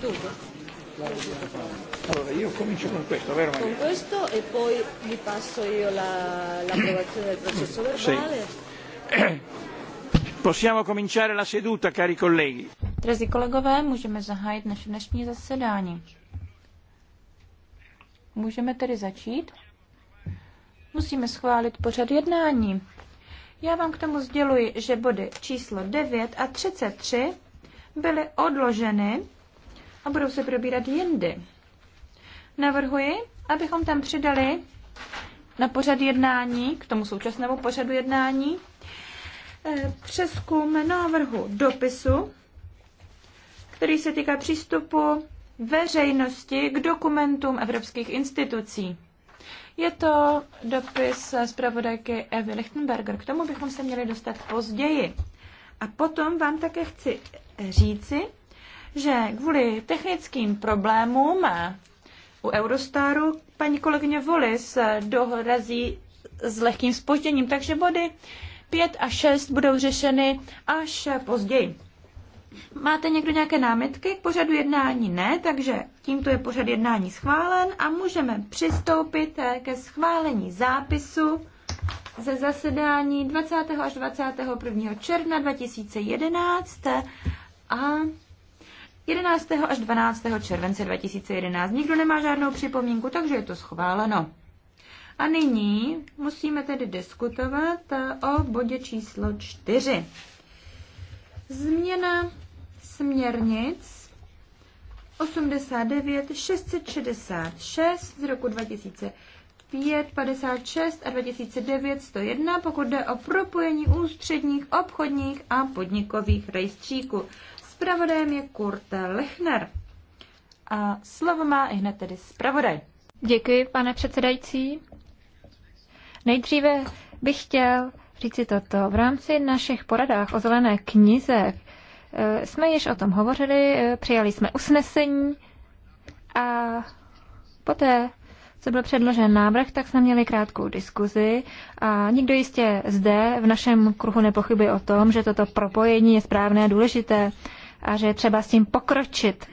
Dove? Allora io comincio con questo, vero Maria? Con questo e poi vi passo io la, l'approvazione del processo verbale. Sì. Possiamo cominciare la seduta, cari colleghi. Drazí kolegové, můžeme zahájit naše dnešní zasedání. Můžeme tedy začít? Musíme schválit pořad jednání. Já vám k tomu sděluji, že body číslo 9 a 33 byly odloženy a budou se probírat jindy. Navrhuji, abychom tam přidali na pořad jednání, k tomu současnému pořadu jednání, eh, přeskum návrhu dopisu, který se týká přístupu veřejnosti k dokumentům evropských institucí. Je to dopis zpravodajky Evy Lichtenberger. K tomu bychom se měli dostat později. A potom vám také chci říci, že kvůli technickým problémům eh, u Eurostaru paní kolegyně Volis eh, dohrazí s lehkým spožděním, takže body 5 a 6 budou řešeny až eh, později. Máte někdo nějaké námitky k pořadu jednání? Ne, takže tímto je pořad jednání schválen a můžeme přistoupit ke schválení zápisu ze zasedání 20. až 21. června 2011 a 11. až 12. července 2011. Nikdo nemá žádnou připomínku, takže je to schváleno. A nyní musíme tedy diskutovat o bodě číslo 4. Změna směrnic 89 666 z roku 2005 56 a 2009 101, pokud jde o propojení ústředních, obchodních a podnikových rejstříků. Spravodajem je Kurt Lechner. A slovo má i hned tedy zpravodaj. Děkuji, pane předsedající. Nejdříve bych chtěl říci toto. V rámci našich poradách o zelené knize eh, jsme již o tom hovořili, eh, přijali jsme usnesení a poté, co byl předložen návrh, tak jsme měli krátkou diskuzi a nikdo jistě zde v našem kruhu nepochybuje o tom, že toto propojení je správné a důležité a že je třeba s tím pokročit.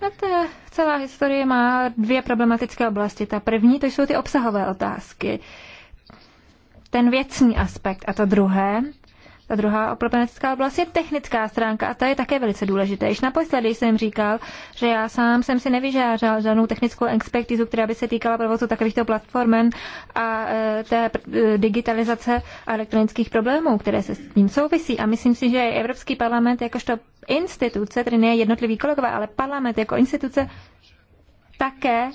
A no, ta celá historie má dvě problematické oblasti. Ta první, to jsou ty obsahové otázky. Ten věcný aspekt a to druhé, ta druhá problematická oblast je technická stránka a ta je také velice důležitá. Již naposledy jsem říkal, že já sám jsem si nevyžádal žádnou technickou expertizu, která by se týkala provozu takovýchto platformen a e, té e, digitalizace elektronických problémů, které se s tím souvisí. A myslím si, že Evropský parlament jakožto instituce, tedy ne jednotlivý kolegové, ale parlament jako instituce také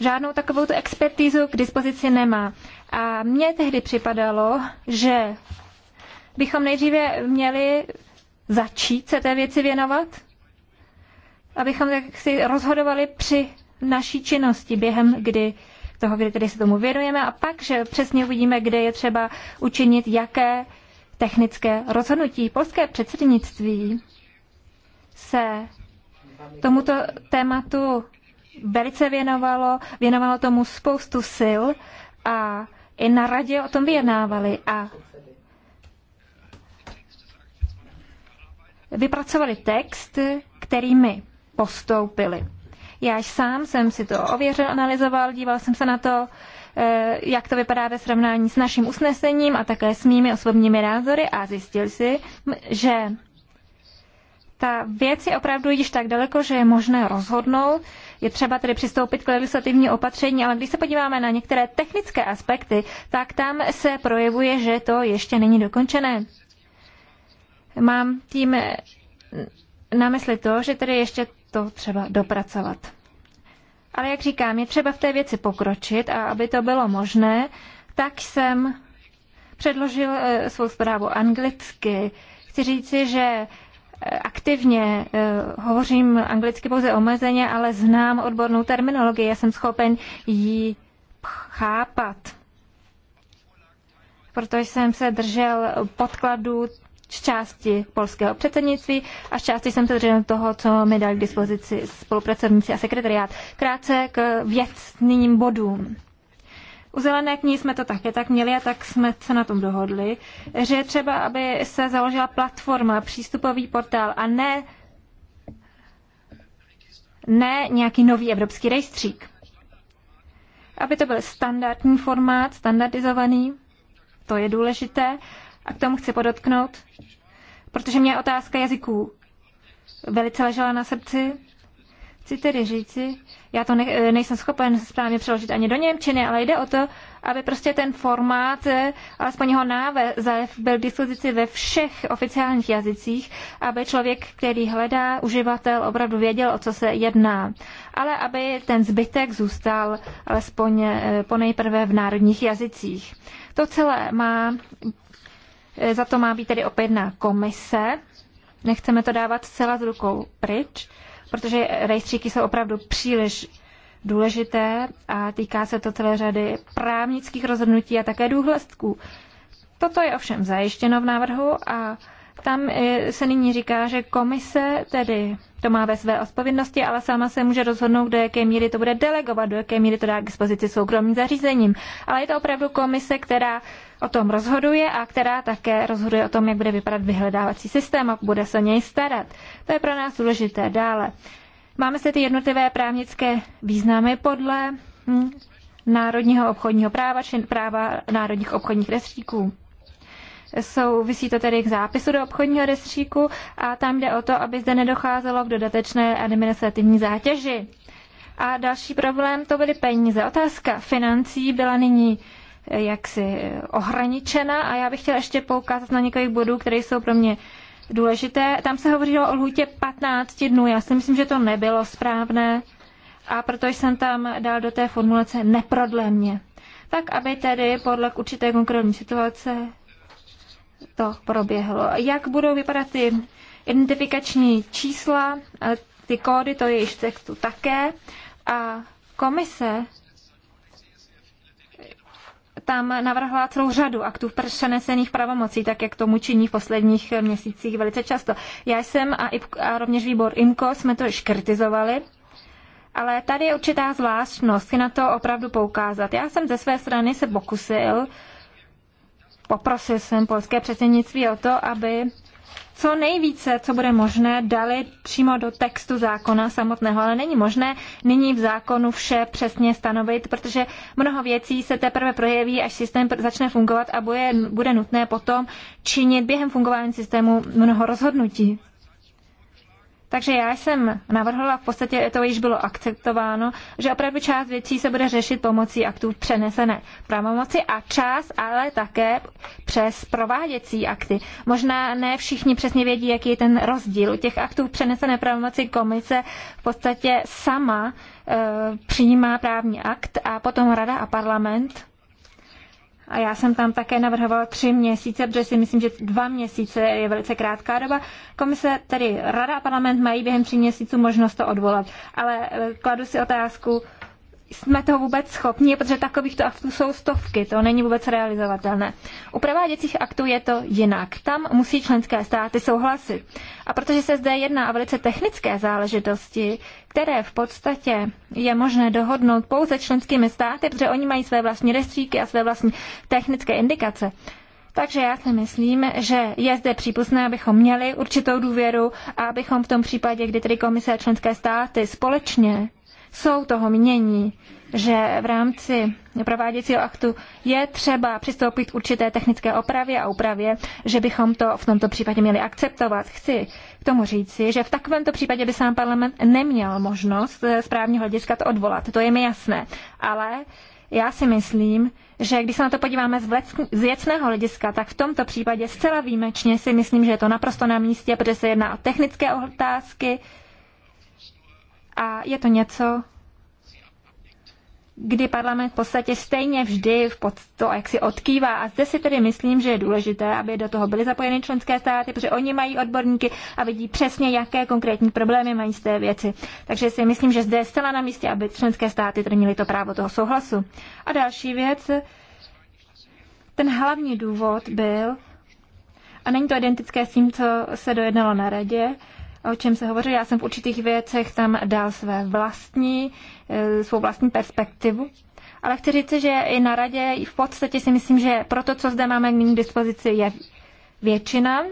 žádnou takovou tu expertizu k dispozici nemá. A mně tehdy připadalo, že bychom nejdříve měli začít se té věci věnovat, abychom tak si rozhodovali při naší činnosti, během kdy toho, kdy tedy se tomu věnujeme a pak, že přesně uvidíme, kde je třeba učinit jaké technické rozhodnutí. Polské předsednictví se tomuto tématu velice věnovalo, věnovalo tomu spoustu sil a i na radě o tom vyjednávali a vypracovali text, který mi postoupili. Já sám jsem si to ověřil, analyzoval, díval jsem se na to, eh, jak to vypadá ve srovnání s naším usnesením a také s mými osobními názory a zjistil si, že ta věc je opravdu již tak daleko, že je možné rozhodnout. Je třeba tedy přistoupit k legislativní opatření, ale když se podíváme na některé technické aspekty, tak tam se projevuje, že to ještě není dokončené. Mám tím na mysli to, že tady ještě to třeba dopracovat. Ale jak říkám, je třeba v té věci pokročit a aby to bylo možné, tak jsem předložil eh, svou zprávu anglicky. Chci říci, že eh, aktivně eh, hovořím anglicky pouze omezeně, ale znám odbornou terminologii, já jsem schopen ji chápat. Protože jsem se držel podkladů z části polského předsednictví a z části jsem se toho, co mi dali k dispozici spolupracovníci a sekretariát. Krátce k věcným bodům. U zelené knihy jsme to také tak měli a tak jsme se na tom dohodli, že třeba, aby se založila platforma, přístupový portál a ne, ne nějaký nový evropský rejstřík. Aby to byl standardní formát, standardizovaný, to je důležité, a k tomu chci podotknout, protože mě otázka jazyků velice ležela na srdci. Chci tedy říci, já to ne, nejsem schopen správně přeložit ani do Němčiny, ale jde o to, aby prostě ten formát, eh, alespoň jeho název, eh, byl k dispozici ve všech oficiálních jazycích, aby člověk, který hledá, uživatel, opravdu věděl, o co se jedná. Ale aby ten zbytek zůstal alespoň eh, ponejprve v národních jazycích. To celé má Eh, za to má být tedy opět na komise. Nechceme to dávat zcela z rukou pryč, protože rejstříky jsou opravdu příliš důležité a týká se to celé řady právnických rozhodnutí a také důhledků. Toto je ovšem zajištěno v návrhu a tam eh, se nyní říká, že komise tedy to má ve své odpovědnosti, ale sama se může rozhodnout, do jaké míry to bude delegovat, do jaké míry to dá k dispozici soukromým zařízením. Ale je to opravdu komise, která o tom rozhoduje a která také rozhoduje o tom, jak bude vypadat vyhledávací systém a bude se o něj starat. To je pro nás důležité dále. Máme se ty jednotlivé právnické významy podle hm, národního obchodního práva či práva národních obchodních rejstříků. Souvisí to tedy k zápisu do obchodního rejstříku a tam jde o to, aby zde nedocházelo k dodatečné administrativní zátěži. A další problém to byly peníze. Otázka financí byla nyní eh, jaksi eh, ohraničena a já bych chtěla ještě poukázat na několik bodů, které jsou pro mě důležité. Tam se hovořilo o lhůtě 15 dnů. Já si myslím, že to nebylo správné a proto jsem tam dal do té formulace neprodlemně. Tak, aby tedy podle určité konkrétní situace to proběhlo. Jak budou vypadat ty identifikační čísla, eh, ty kódy, to je již v textu také. A komise tam navrhla celou řadu aktů v přenesených pravomocí, tak jak tomu činí v posledních měsících velice často. Já jsem a, i, a rovněž výbor IMCO jsme to již kritizovali, ale tady je určitá zvláštnost, chci na to opravdu poukázat. Já jsem ze své strany se pokusil uh, Poprosil jsem polské předsednictví o to, aby co nejvíce, co bude možné, dali přímo do textu zákona samotného, ale není možné nyní v zákonu vše přesně stanovit, protože mnoho věcí se teprve projeví, až systém začne fungovat a bude, bude nutné potom činit během fungování systému mnoho rozhodnutí. Takže já jsem navrhla, v podstatě to již bylo akceptováno, že opravdu část věcí se bude řešit pomocí aktů přenesené pravomoci a část ale také přes prováděcí akty. Možná ne všichni přesně vědí, jaký je ten rozdíl. U Těch aktů přenesené pravomoci komise v podstatě sama e, přijímá právní akt a potom rada a parlament a já jsem tam také navrhovala tři měsíce, protože si myslím, že dva měsíce je velice krátká doba. Komise, tedy Rada a parlament mají během tří měsíců možnost to odvolat. Ale eh, kladu si otázku, jsme toho vůbec schopni, protože takovýchto aktů jsou stovky, to není vůbec realizovatelné. U prováděcích aktů je to jinak. Tam musí členské státy souhlasit. A protože se zde jedná o velice technické záležitosti, které v podstatě je možné dohodnout pouze členskými státy, protože oni mají své vlastní restříky a své vlastní technické indikace, takže já si myslím, že je zde přípustné, abychom měli určitou důvěru a abychom v tom případě, kdy tedy komise a členské státy společně jsou toho mění, že v rámci prováděcího aktu je třeba přistoupit k určité technické opravě a úpravě, že bychom to v tomto případě měli akceptovat. Chci k tomu říci, že v takovémto případě by sám parlament neměl možnost správního hlediska to odvolat. To je mi jasné. Ale já si myslím, že když se na to podíváme z věcného hlediska, tak v tomto případě zcela výjimečně si myslím, že je to naprosto na místě, protože se jedná o technické otázky, a je to něco, kdy parlament v podstatě stejně vždy v pod to jak si odkývá. A zde si tedy myslím, že je důležité, aby do toho byly zapojeny členské státy, protože oni mají odborníky a vidí přesně, jaké konkrétní problémy mají z té věci. Takže si myslím, že zde je zcela na místě, aby členské státy tedy měly to právo toho souhlasu. A další věc, ten hlavní důvod byl, a není to identické s tím, co se dojednalo na radě, o čem se hovoří. Já jsem v určitých věcech tam dal své vlastní, eh, svou vlastní perspektivu. Ale chci říct, že i na radě v podstatě si myslím, že pro to, co zde máme nyní k dispozici, je většina.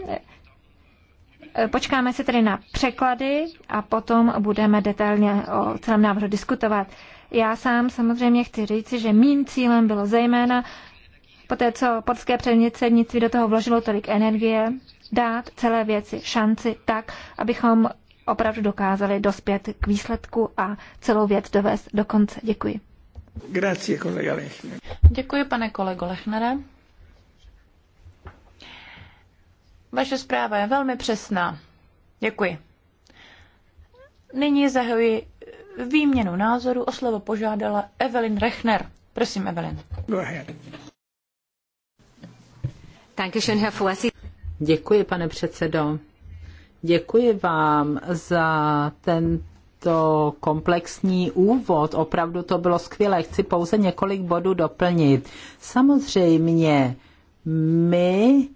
Eh, počkáme se tedy na překlady a potom budeme detailně o celém návrhu diskutovat. Já sám samozřejmě chci říct, že mým cílem bylo zejména po té, co polské předsednictví do toho vložilo tolik energie, dát celé věci šanci tak, abychom opravdu dokázali dospět k výsledku a celou věc dovést do konce. Děkuji. Grazie, kolega Lechner. Děkuji, pane kolego Lechnere. Vaše zpráva je velmi přesná. Děkuji. Nyní zahajuji výměnu názoru. O slovo požádala Evelyn Rechner. Prosím, Evelyn. Go ahead. Dankeschön, Herr Vorsitz. Děkuji, pane předsedo. Děkuji vám za tento komplexní úvod. Opravdu to bylo skvělé. Chci pouze několik bodů doplnit. Samozřejmě my,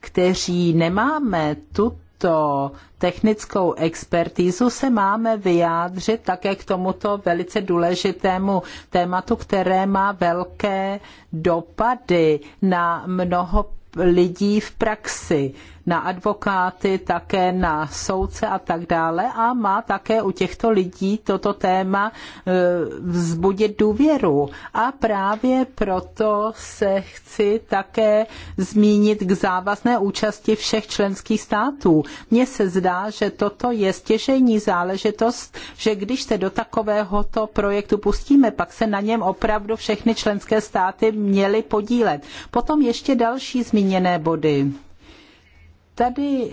kteří nemáme tuto technickou expertízu, se máme vyjádřit také k tomuto velice důležitému tématu, které má velké dopady na mnoho lidí v praxi na advokáty, také na soudce a tak dále a má také u těchto lidí toto téma e, vzbudit důvěru. A právě proto se chci také zmínit k závazné účasti všech členských států. Mně se zdá, že toto je stěžejní záležitost, že když se do takovéhoto projektu pustíme, pak se na něm opravdu všechny členské státy měly podílet. Potom ještě další zmíněné body. Tady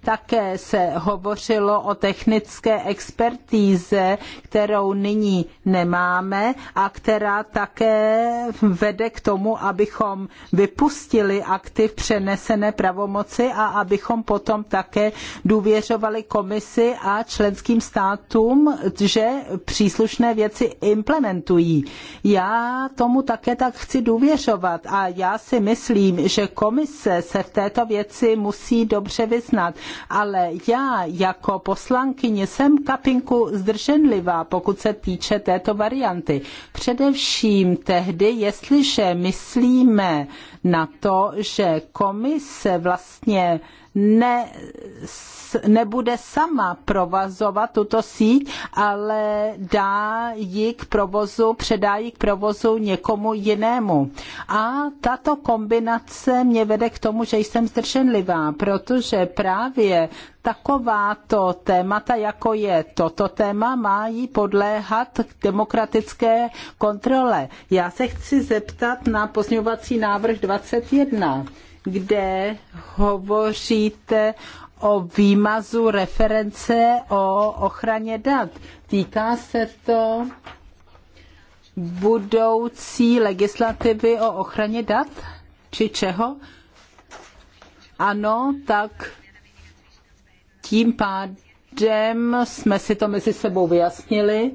také se hovořilo o technické expertíze, kterou nyní nemáme a která také vede k tomu, abychom vypustili aktiv přenesené pravomoci a abychom potom také důvěřovali komisi a členským státům, že příslušné věci implementují. Já tomu také tak chci důvěřovat a já si myslím, že komise se v této věci musí dobře vyznat. Ale já jako poslankyně jsem kapinku zdrženlivá, pokud se týče této varianty. Především tehdy, jestliže myslíme na to, že komise vlastně ne, nebude sama provazovat tuto síť, ale dá ji k provozu, předá ji k provozu někomu jinému. A tato kombinace mě vede k tomu, že jsem zdrženlivá, protože právě takováto témata, jako je toto téma, mají podléhat demokratické kontrole. Já se chci zeptat na pozměňovací návrh 21 kde hovoříte o výmazu reference o ochraně dat. Týká se to budoucí legislativy o ochraně dat? Či čeho? Ano, tak tím pádem jsme si to mezi sebou vyjasnili.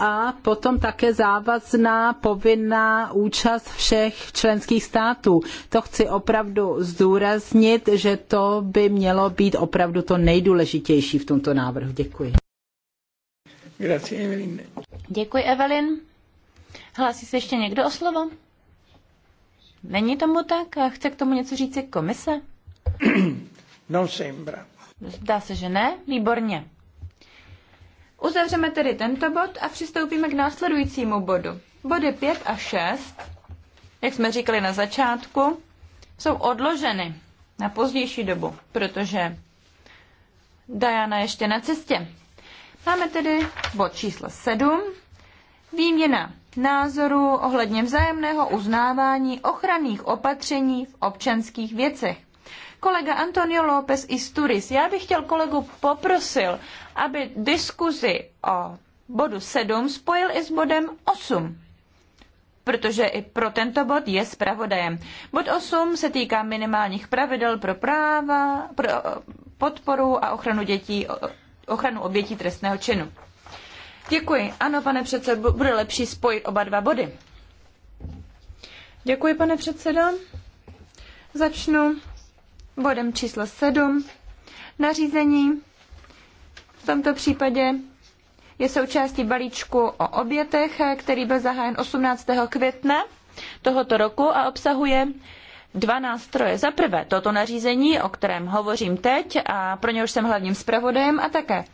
a potom také závazná povinná účast všech členských států. To chci opravdu zdůraznit, že to by mělo být opravdu to nejdůležitější v tomto návrhu. Děkuji. Grazie, Evelyn. Děkuji, Evelyn. Hlásí se ještě někdo o slovo? Není tomu tak? chce k tomu něco říct komise? Non sembra. Zdá se, že ne. Výborně. Uzavřeme tedy tento bod a přistoupíme k následujícímu bodu. Body 5 a 6, jak jsme říkali na začátku, jsou odloženy na pozdější dobu, protože Diana ještě na cestě. Máme tedy bod číslo 7, výměna názoru ohledně vzájemného uznávání ochranných opatření v občanských věcech. Kolega Antonio López Isturiz, já bych chtěl kolegu poprosil, aby diskuzi o bodu 7 spojil i s bodem 8 protože i pro tento bod je zpravodajem. Bod 8 se týká minimálních pravidel pro práva, pro podporu a ochranu dětí, ochranu obětí trestného činu. Děkuji. Ano, pane předsedo, bude lepší spojit oba dva body. Děkuji, pane předsedo. Začnu bodem číslo 7 nařízení. V tomto případě je součástí balíčku o obětech, který byl zahájen 18. května tohoto roku a obsahuje dva nástroje. Za prvé toto nařízení, o kterém hovořím teď a pro něj jsem hlavním zpravodajem a také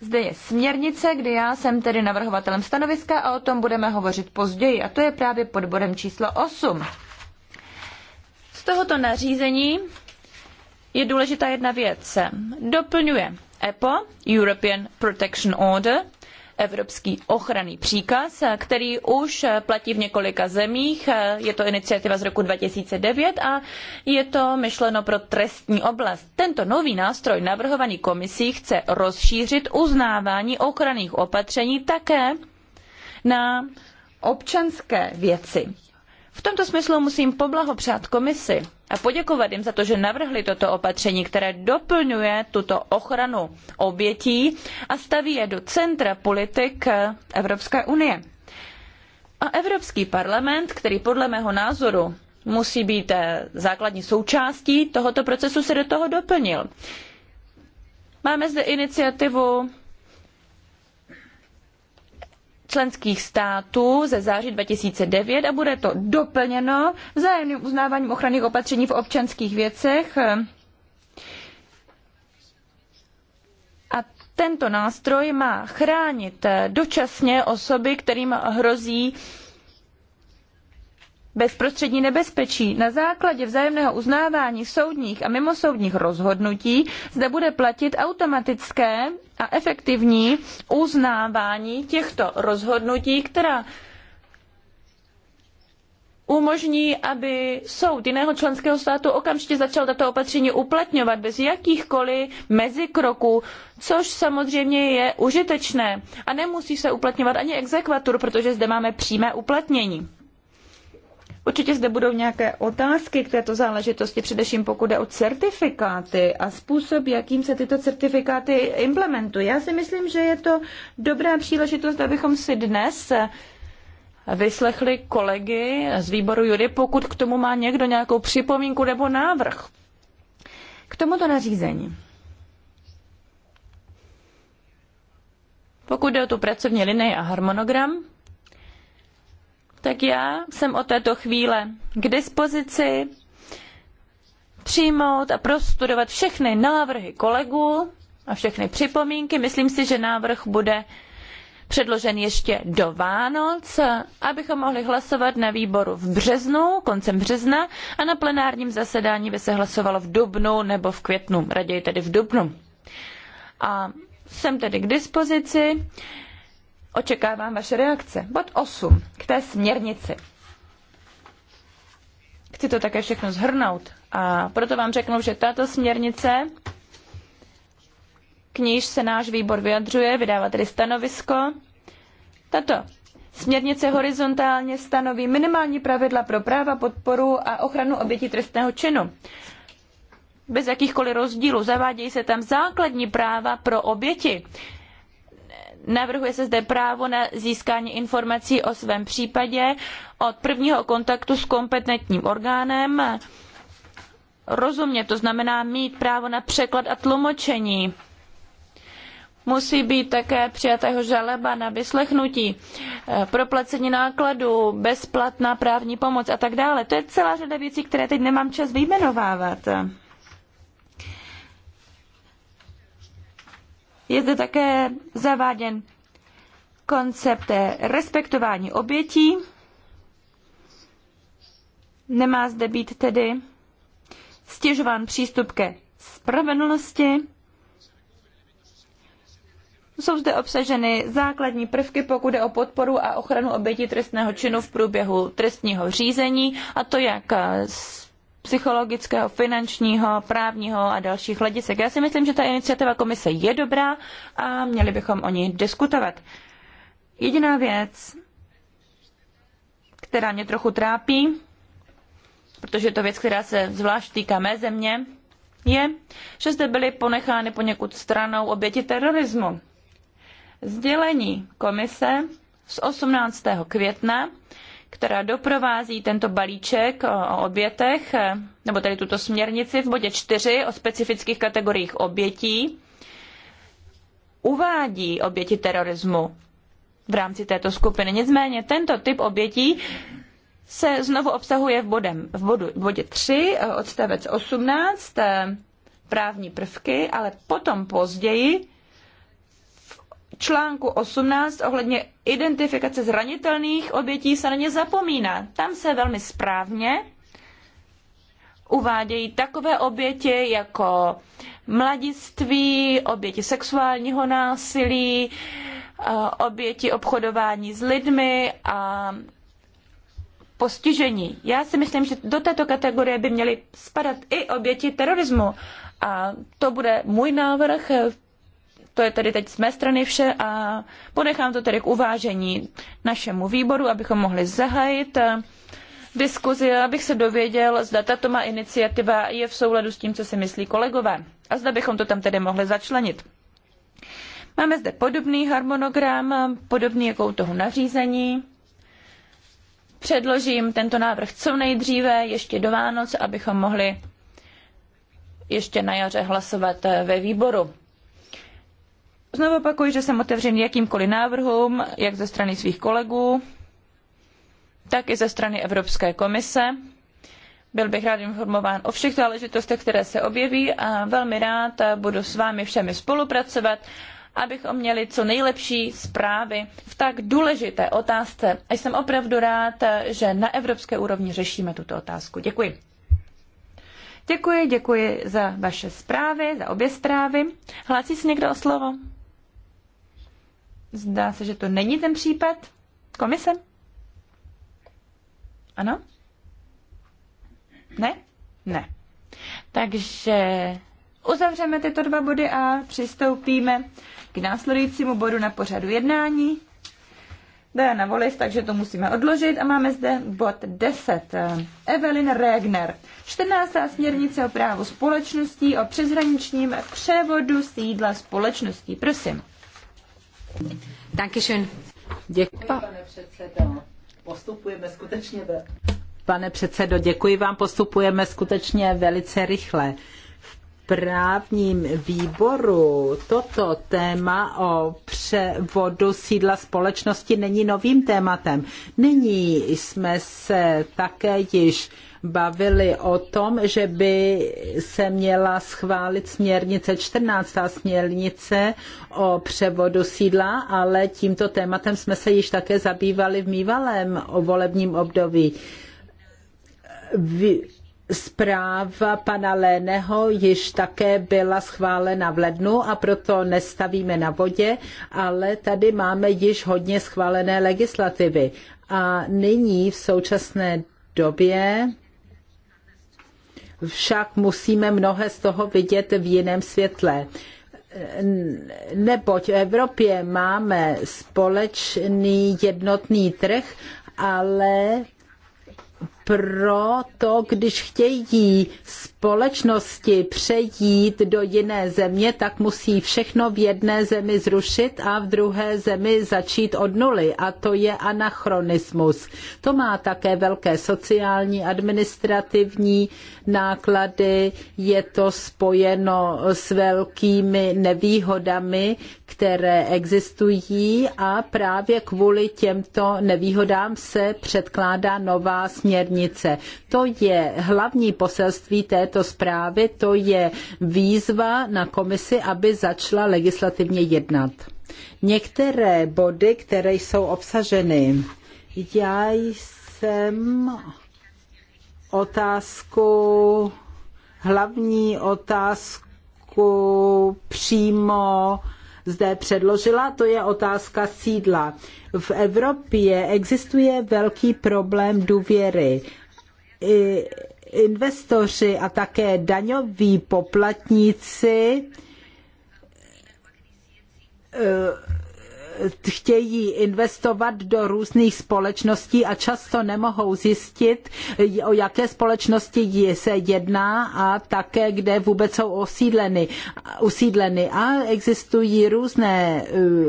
zde je směrnice, kdy já jsem tedy navrhovatelem stanoviska a o tom budeme hovořit později a to je právě pod bodem číslo 8. Z tohoto nařízení je důležitá jedna věc. Doplňuje EPO, European Protection Order, Evropský ochranný příkaz, který už platí v několika zemích. Je to iniciativa z roku 2009 a je to myšleno pro trestní oblast. Tento nový nástroj navrhovaný komisí chce rozšířit uznávání ochranných opatření také na občanské věci. V tomto smyslu musím poblahopřát komisi a poděkovat jim za to, že navrhli toto opatření, které doplňuje tuto ochranu obětí a staví je do centra politik Evropské unie. A Evropský parlament, který podle mého názoru musí být eh, základní součástí tohoto procesu, se do toho doplnil. Máme zde iniciativu členských států ze září 2009 a bude to doplněno vzájemným uznáváním ochranných opatření v občanských věcech. A tento nástroj má chránit dočasně osoby, kterým hrozí bezprostřední nebezpečí. Na základě vzájemného uznávání soudních a mimosoudních rozhodnutí zde bude platit automatické a efektivní uznávání těchto rozhodnutí, která umožní, aby soud jiného členského státu okamžitě začal tato opatření uplatňovat bez jakýchkoliv mezikroků, což samozřejmě je užitečné. A nemusí se uplatňovat ani exekvatur, protože zde máme přímé uplatnění. Určitě zde budou nějaké otázky k této záležitosti, především pokud jde o certifikáty a způsob, jakým se tyto certifikáty implementují. Já si myslím, že je to dobrá příležitost, abychom si dnes vyslechli kolegy z výboru Jury, pokud k tomu má někdo nějakou připomínku nebo návrh. K tomuto nařízení. Pokud jde o tu pracovní linii a harmonogram, tak já jsem o této chvíle k dispozici přijmout a prostudovat všechny návrhy kolegů a všechny připomínky. Myslím si, že návrh bude předložen ještě do Vánoc, abychom mohli hlasovat na výboru v březnu, koncem března a na plenárním zasedání by se hlasovalo v dubnu nebo v květnu, raději tedy v dubnu. A jsem tedy k dispozici očekávám vaše reakce. Bod 8. K té směrnici. Chci to také všechno zhrnout a proto vám řeknu, že tato směrnice, k níž se náš výbor vyjadřuje, vydává tedy stanovisko, tato Směrnice horizontálně stanoví minimální pravidla pro práva, podporu a ochranu obětí trestného činu. Bez jakýchkoliv rozdílů zavádějí se tam základní práva pro oběti. Navrhuje se zde právo na získání informací o svém případě od prvního kontaktu s kompetentním orgánem. Rozumně to znamená mít právo na překlad a tlumočení. Musí být také přijatého žaleba na vyslechnutí, eh, proplacení nákladů, bezplatná právní pomoc a tak dále. To je celá řada věcí, které teď nemám čas vyjmenovávat. Je zde také zaváděn koncept respektování obětí. Nemá zde být tedy stěžován přístup ke spravedlnosti. Jsou zde obsaženy základní prvky, pokud jde o podporu a ochranu obětí trestného činu v průběhu trestního řízení, a to jak z psychologického, finančního, právního a dalších hledisek. Já si myslím, že ta iniciativa komise je dobrá a měli bychom o ní diskutovat. Jediná věc, která mě trochu trápí, protože je to věc, která se zvlášť týká mé země, je, že zde byly ponechány poněkud stranou oběti terorismu. Sdělení komise z 18. května která doprovází tento balíček o obětech, e, nebo tedy tuto směrnici v bodě 4 o specifických kategoriích obětí, uvádí oběti terorismu v rámci této skupiny. Nicméně tento typ obětí se znovu obsahuje v, bodem, v bodu, v bodě 3, e, odstavec 18, e, právní prvky, ale potom později článku 18 ohledně identifikace zranitelných obětí se na ně zapomíná. Tam se velmi správně uvádějí takové oběti jako mladiství, oběti sexuálního násilí, oběti obchodování s lidmi a postižení. Já si myslím, že do této kategorie by měly spadat i oběti terorismu. A to bude můj návrh v to je tedy teď z mé strany vše a ponechám to tedy k uvážení našemu výboru, abychom mohli zahájit eh, diskuzi, abych se dověděl, zda tato má iniciativa je v souladu s tím, co si myslí kolegové. A zda bychom to tam tedy mohli začlenit. Máme zde podobný harmonogram, podobný jako u toho nařízení. Předložím tento návrh co nejdříve, ještě do Vánoc, abychom mohli ještě na jaře hlasovat eh, ve výboru. Znovu opakuji, že jsem otevřený jakýmkoliv návrhům, jak ze strany svých kolegů, tak i ze strany Evropské komise. Byl bych rád informován o všech záležitostech, které se objeví a velmi rád budu s vámi všemi spolupracovat, abychom měli co nejlepší zprávy v tak důležité otázce. A jsem opravdu rád, že na evropské úrovni řešíme tuto otázku. Děkuji. Děkuji, děkuji za vaše zprávy, za obě zprávy. Hlásí se někdo o slovo? Zdá se, že to není ten případ. Komise? Ano? Ne? Ne. Takže uzavřeme tyto dva body a přistoupíme k následujícímu bodu na pořadu jednání. na volis, takže to musíme odložit. A máme zde bod 10. Evelyn Regner. 14. směrnice o právu společností o přeshraničním převodu sídla společností. Prosím. Děkuji, pane Pane předsedo, děkuji vám, postupujeme skutečně velice rychle právním výboru toto téma o převodu sídla společnosti není novým tématem. Nyní jsme se také již bavili o tom, že by se měla schválit směrnice 14. směrnice o převodu sídla, ale tímto tématem jsme se již také zabývali v mývalém volebním období. Vy Zpráva pana Léneho již také byla schválena v lednu a proto nestavíme na vodě, ale tady máme již hodně schválené legislativy. A nyní v současné době však musíme mnohé z toho vidět v jiném světle neboť v Evropě máme společný jednotný trh, ale pro to, když chtějí společnosti přejít do jiné země, tak musí všechno v jedné zemi zrušit a v druhé zemi začít od nuly. A to je anachronismus. To má také velké sociální, administrativní náklady. Je to spojeno s velkými nevýhodami, které existují a právě kvůli těmto nevýhodám se předkládá nová směrnice. To je hlavní poselství této této zprávy, to je výzva na komisi, aby začala legislativně jednat. Některé body, které jsou obsaženy, já jsem otázku, hlavní otázku přímo zde předložila, to je otázka sídla. V Evropě existuje velký problém důvěry. I investoři a také daňoví poplatníci eh, chtějí investovat do různých společností a často nemohou zjistit, o jaké společnosti se jedná a také, kde vůbec jsou osídleny, usídleny. A existují různé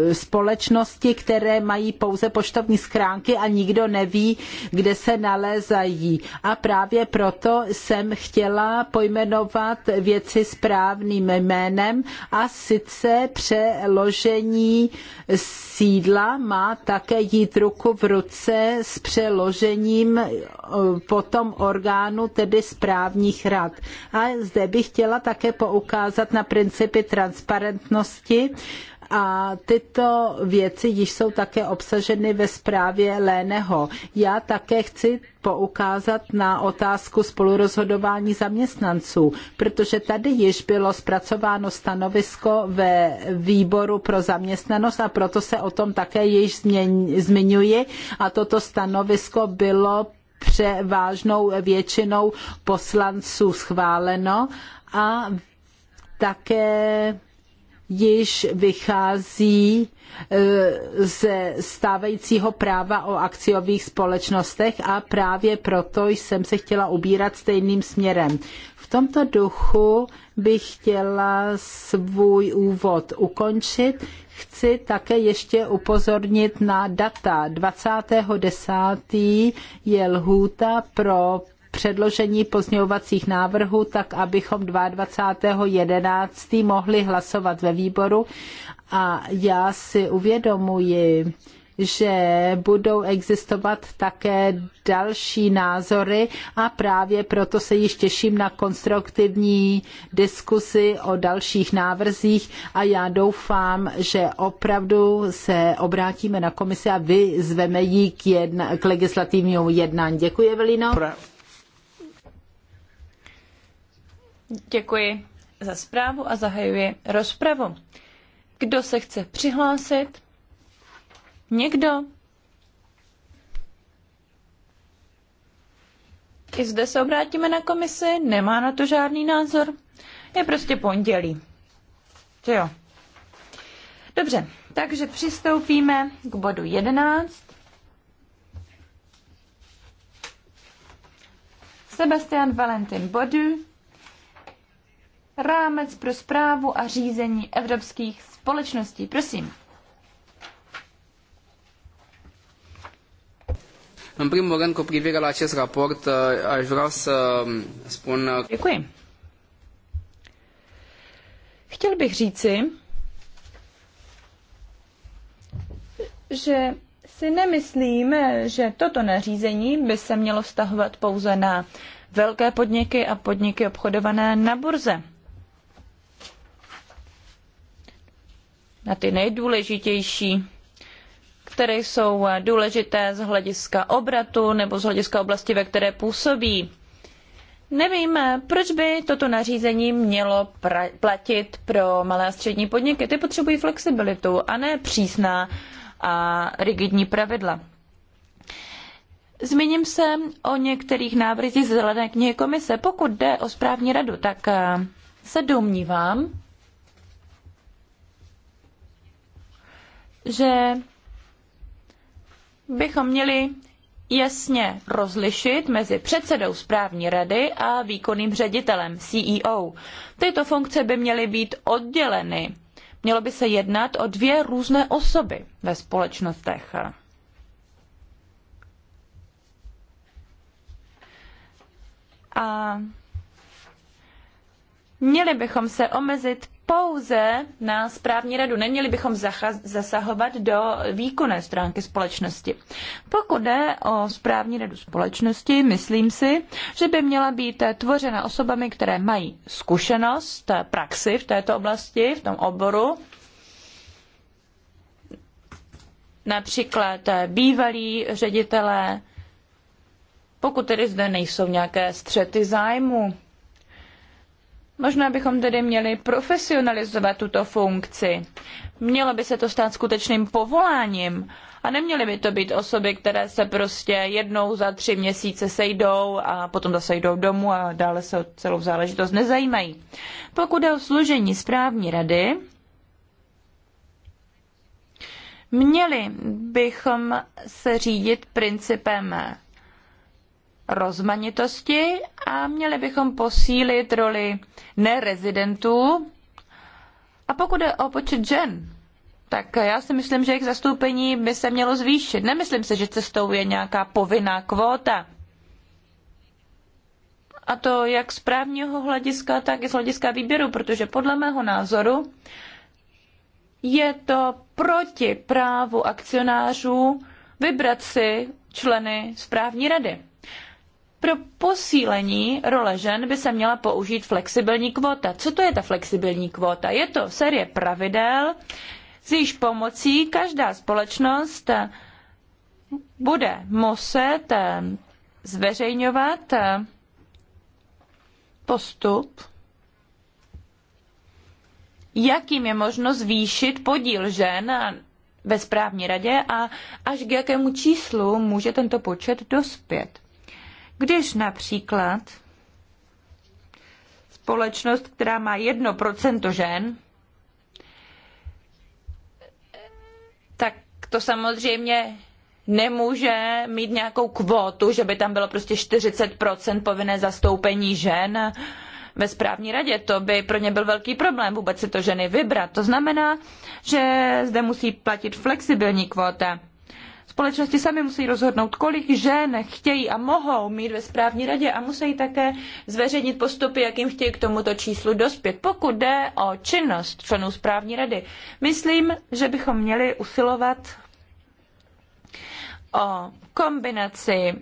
eh, společnosti, které mají pouze poštovní schránky a nikdo neví, kde se nalézají. A právě proto jsem chtěla pojmenovat věci správným jménem a sice přeložení s sídla má také jít ruku v ruce s přeložením eh, potom orgánu, tedy správních rad. A zde bych chtěla také poukázat na principy transparentnosti a tyto věci již jsou také obsaženy ve zprávě Léneho. Já také chci poukázat na otázku spolurozhodování zaměstnanců, protože tady již bylo zpracováno stanovisko ve výboru pro zaměstnanost a proto se o tom také již zmiňuji a toto stanovisko bylo převážnou většinou poslanců schváleno a také již vychází e, ze stávajícího práva o akciových společnostech a právě proto jsem se chtěla ubírat stejným směrem. V tomto duchu bych chtěla svůj úvod ukončit. Chci také ještě upozornit na data. 20.10. je lhůta pro předložení pozměňovacích návrhů, tak abychom 22.11. mohli hlasovat ve výboru. A já si uvědomuji, že budou existovat také další názory a právě proto se již těším na konstruktivní diskusi o dalších návrzích a já doufám, že opravdu se obrátíme na komisi a vyzveme ji k, jedna, k legislativnímu jednání. Děkuji, Evelino. Pra- Děkuji za zprávu a zahajuji rozpravu. Kdo se chce přihlásit? Někdo? I zde se obrátíme na komisi, nemá na to žádný názor. Je prostě pondělí. To jo. Dobře, takže přistoupíme k bodu 11. Sebastian Valentin Bodu, rámec pro zprávu a řízení evropských společností. Prosím. În primul rând, cu privire la acest raport, uh, aș vrea să um, spun... Uh, Děkuji. Chtěl bych říci, že si nemyslím, že toto nařízení by se mělo vztahovat pouze na velké podniky a podniky obchodované na burze. na ty nejdůležitější, které jsou důležité z hlediska obratu nebo z hlediska oblasti, ve které působí. Nevím, proč by toto nařízení mělo platit pro malé a střední podniky. Ty potřebují flexibilitu a ne přísná a rigidní pravidla. Zmíním se o některých návrzích zelené knihy komise. Pokud jde o správní radu, tak eh, se domnívám, že bychom měli jasně rozlišit mezi předsedou správní rady a výkonným ředitelem CEO. Tyto funkce by měly být odděleny. Mělo by se jednat o dvě různé osoby ve společnostech. A měli bychom se omezit pouze na správní radu. Neměli bychom zasahovat do výkonné stránky společnosti. Pokud jde o správní radu společnosti, myslím si, že by měla být tvořena osobami, které mají zkušenost, praxi v této oblasti, v tom oboru, například bývalí ředitelé, pokud tedy zde nejsou nějaké střety zájmu. Možná bychom tedy měli profesionalizovat tuto funkci. Mělo by se to stát skutečným povoláním a neměly by to být osoby, které se prostě jednou za tři měsíce sejdou a potom zase jdou domů a dále se o celou záležitost nezajímají. Pokud je o služení správní rady, měli bychom se řídit principem rozmanitosti a měli bychom posílit roli nerezidentů. A pokud je o počet žen, tak já si myslím, že jejich zastoupení by se mělo zvýšit. Nemyslím si, že cestou je nějaká povinná kvóta. A to jak z právního hlediska, tak i z hlediska výběru, protože podle mého názoru je to proti právu akcionářů vybrat si členy správní rady. Pro posílení role žen by se měla použít flexibilní kvota. Co to je ta flexibilní kvota? Je to série pravidel, s jejíž pomocí každá společnost eh, bude muset eh, zveřejňovat eh, postup, jakým je možno zvýšit podíl žen ve správní radě a až k jakému číslu může tento počet dospět. Když například společnost, která má 1% žen, tak to samozřejmě nemůže mít nějakou kvotu, že by tam bylo prostě 40% povinné zastoupení žen ve správní radě. To by pro ně byl velký problém vůbec si to ženy vybrat. To znamená, že zde musí platit flexibilní kvóta. Společnosti sami musí rozhodnout, kolik žen chtějí a mohou mít ve správní radě a musí také zveřejnit postupy, jakým chtějí k tomuto číslu dospět. Pokud jde o činnost členů správní rady, myslím, že bychom měli usilovat o kombinaci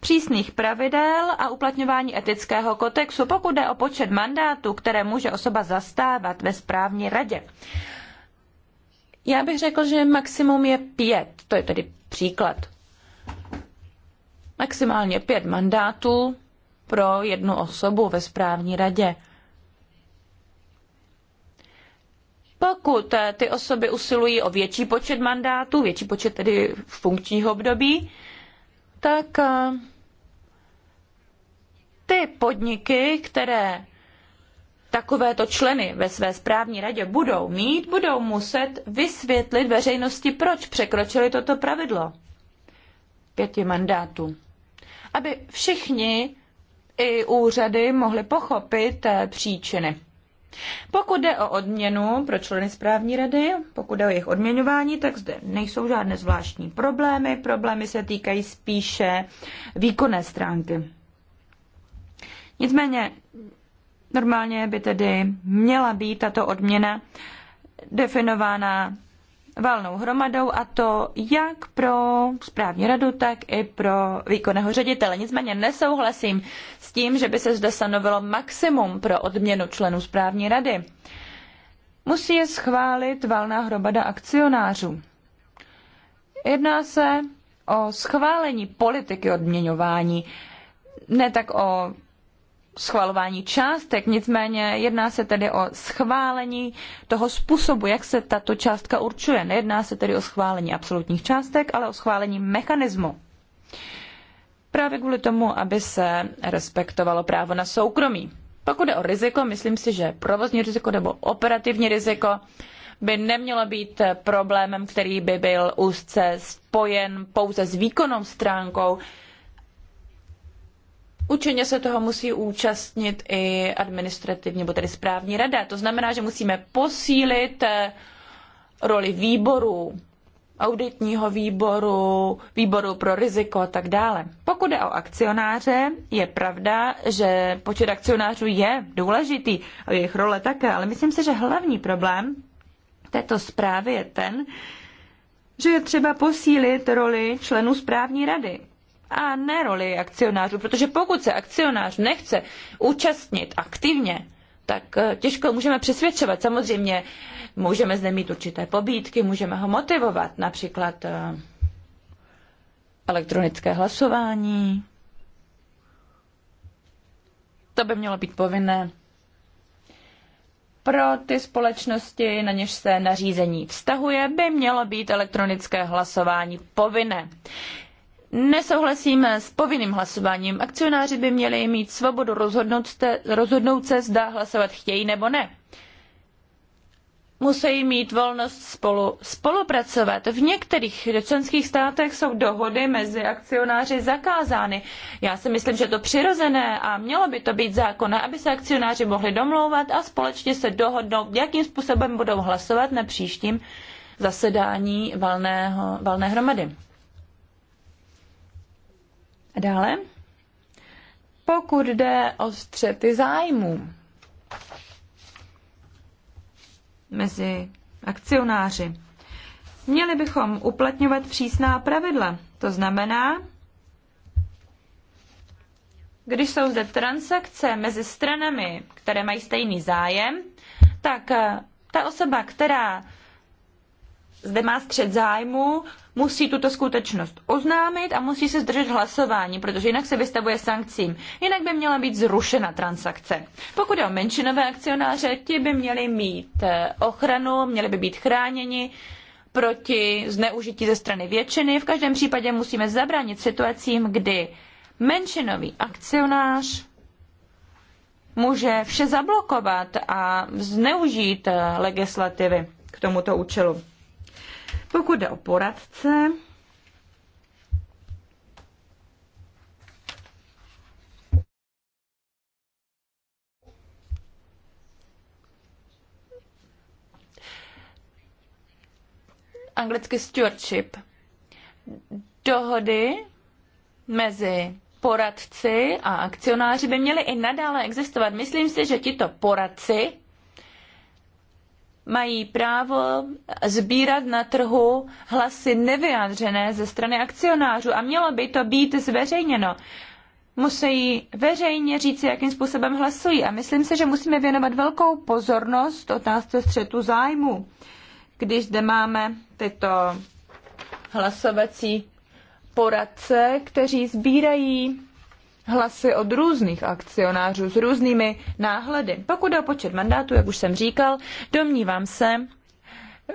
přísných pravidel a uplatňování etického kodexu, pokud jde o počet mandátů, které může osoba zastávat ve správní radě. Já bych řekl, že maximum je pět, to je tedy příklad. Maximálně pět mandátů pro jednu osobu ve správní radě. Pokud eh, ty osoby usilují o větší počet mandátů, větší počet tedy funkčního období, tak eh, ty podniky, které takovéto členy ve své správní radě budou mít, budou muset vysvětlit veřejnosti, proč překročili toto pravidlo pěti mandátů. Aby všichni i úřady mohly pochopit příčiny. Pokud jde o odměnu pro členy správní rady, pokud jde o jejich odměňování, tak zde nejsou žádné zvláštní problémy. Problémy se týkají spíše výkonné stránky. Nicméně Normálně by tedy měla být tato odměna definována valnou hromadou a to jak pro správní radu, tak i pro výkonného ředitele. Nicméně nesouhlasím s tím, že by se zde stanovilo maximum pro odměnu členů správní rady. Musí je schválit valná hromada akcionářů. Jedná se o schválení politiky odměňování, ne tak o schvalování částek, nicméně jedná se tedy o schválení toho způsobu, jak se tato částka určuje. Nejedná se tedy o schválení absolutních částek, ale o schválení mechanismu. Právě kvůli tomu, aby se respektovalo právo na soukromí. Pokud je o riziko, myslím si, že provozní riziko nebo operativní riziko by nemělo být problémem, který by byl úzce spojen pouze s výkonnou stránkou Učeně se toho musí účastnit i administrativní, nebo tedy správní rada. To znamená, že musíme posílit eh, roli výboru, auditního výboru, výboru pro riziko a tak dále. Pokud je o akcionáře, je pravda, že počet akcionářů je důležitý, a jejich role také, ale myslím si, že hlavní problém této zprávy je ten, že je třeba posílit roli členů správní rady a ne roli akcionářů, protože pokud se akcionář nechce účastnit aktivně, tak eh, těžko můžeme přesvědčovat. Samozřejmě můžeme zde mít určité pobídky, můžeme ho motivovat, například eh, elektronické hlasování. To by mělo být povinné pro ty společnosti, na něž se nařízení vztahuje, by mělo být elektronické hlasování povinné. Nesouhlasím s povinným hlasováním. Akcionáři by měli mít svobodu rozhodnout, te, rozhodnout se, zda hlasovat chtějí nebo ne. Musí mít volnost spolu, spolupracovat. V některých členských státech jsou dohody mezi akcionáři zakázány. Já si myslím, že to přirozené a mělo by to být zákonné, aby se akcionáři mohli domlouvat a společně se dohodnout, jakým způsobem budou hlasovat na příštím zasedání valného, valné hromady. A dále, pokud jde o střety zájmů mezi akcionáři, měli bychom uplatňovat přísná pravidla. To znamená, když jsou zde transakce mezi stranami, které mají stejný zájem, tak ta osoba, která zde má střed zájmu, musí tuto skutečnost oznámit a musí se zdržet hlasování, protože jinak se vystavuje sankcím. Jinak by měla být zrušena transakce. Pokud je o menšinové akcionáře, ti by měli mít eh, ochranu, měli by být chráněni proti zneužití ze strany většiny. V každém případě musíme zabránit situacím, kdy menšinový akcionář může vše zablokovat a zneužít eh, legislativy k tomuto účelu. Pokud jde o poradce, anglicky stewardship, dohody mezi poradci a akcionáři by měly i nadále existovat. Myslím si, že tito poradci mají právo sbírat na trhu hlasy nevyjádřené ze strany akcionářů a mělo by to být zveřejněno. Musí veřejně říci, jakým způsobem hlasují. A myslím si, že musíme věnovat velkou pozornost otázce střetu zájmu, když zde máme tyto hlasovací poradce, kteří sbírají hlasy od různých akcionářů s různými náhledy. Pokud jde o počet mandátů, jak už jsem říkal, domnívám se,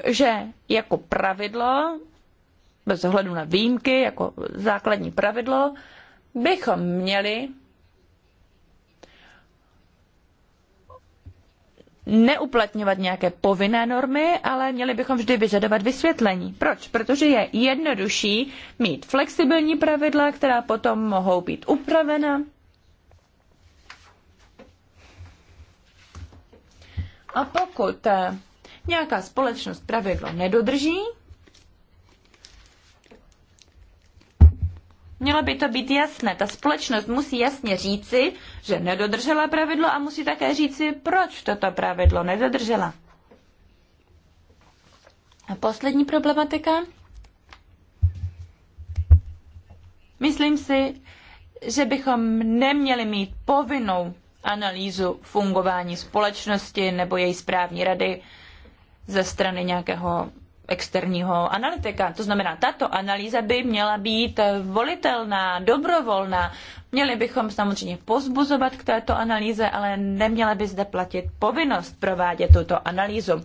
že jako pravidlo, bez ohledu na výjimky, jako základní pravidlo, bychom měli neuplatňovat nějaké povinné normy, ale měli bychom vždy vyžadovat vysvětlení. Proč? Protože je jednodušší mít flexibilní pravidla, která potom mohou být upravena. A pokud eh, nějaká společnost pravidlo nedodrží, Mělo by to být jasné. Ta společnost musí jasně říci, že nedodržela pravidlo a musí také říci, proč toto pravidlo nedodržela. A poslední problematika. Myslím si, že bychom neměli mít povinnou analýzu fungování společnosti nebo její správní rady ze strany nějakého externího analytika. To znamená, tato analýza by měla být volitelná, dobrovolná. Měli bychom samozřejmě pozbuzovat k této analýze, ale neměla by zde platit povinnost provádět tuto analýzu.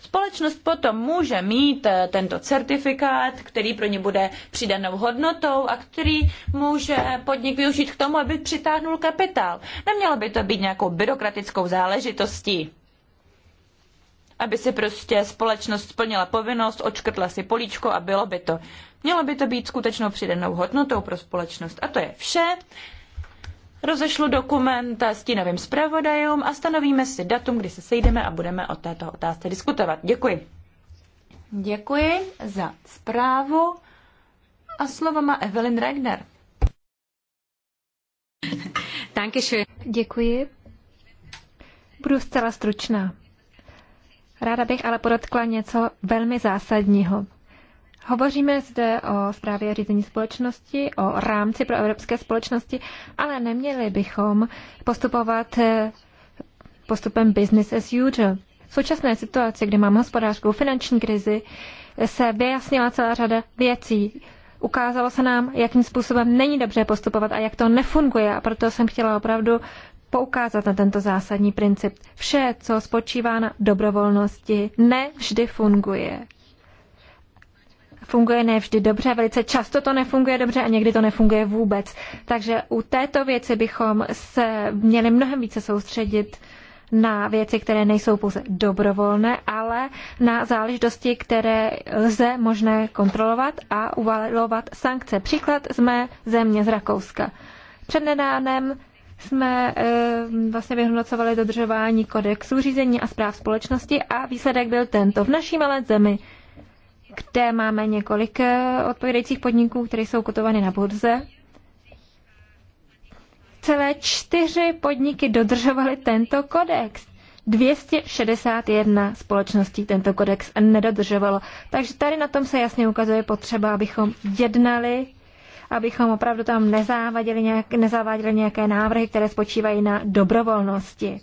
Společnost potom může mít eh, tento certifikát, který pro ně bude přidanou hodnotou a který může podnik využít k tomu, aby přitáhnul kapitál. Nemělo by to být nějakou byrokratickou záležitostí aby si prostě společnost splnila povinnost, odškrtla si políčko a bylo by to. Mělo by to být skutečnou přidanou hodnotou pro společnost. A to je vše. Rozešlu dokument stínovým zpravodajům a stanovíme si datum, kdy se sejdeme a budeme o této otázce diskutovat. Děkuji. Děkuji za zprávu a slovo má Evelyn Regner. Děkuji. Budu zcela stručná. Ráda bych ale podotkla něco velmi zásadního. Hovoříme zde o zprávě řízení společnosti, o rámci pro evropské společnosti, ale neměli bychom postupovat eh, postupem business as usual. V současné situaci, kdy máme hospodářskou finanční krizi, se vyjasnila celá řada věcí. Ukázalo se nám, jakým způsobem není dobře postupovat a jak to nefunguje. A proto jsem chtěla opravdu poukázat na tento zásadní princip. Vše, co spočívá na dobrovolnosti, ne vždy funguje. Funguje ne vždy dobře, velice často to nefunguje dobře a někdy to nefunguje vůbec. Takže u této věci bychom se měli mnohem více soustředit na věci, které nejsou pouze dobrovolné, ale na záležitosti, které lze možné kontrolovat a uvalovat sankce. Příklad z mé země z Rakouska. Přednedávnem jsme eh, vlastně vyhodnocovali dodržování kodexu řízení a zpráv společnosti a výsledek byl tento. V naší malé zemi, kde máme několik eh, odpovědajících podniků, které jsou kotovány na burze, celé čtyři podniky dodržovaly tento kodex. 261 společností tento kodex nedodržovalo. Takže tady na tom se jasně ukazuje potřeba, abychom jednali abychom opravdu tam nezáváděli nějak, nezaváděli nějaké návrhy, které spočívají na dobrovolnosti.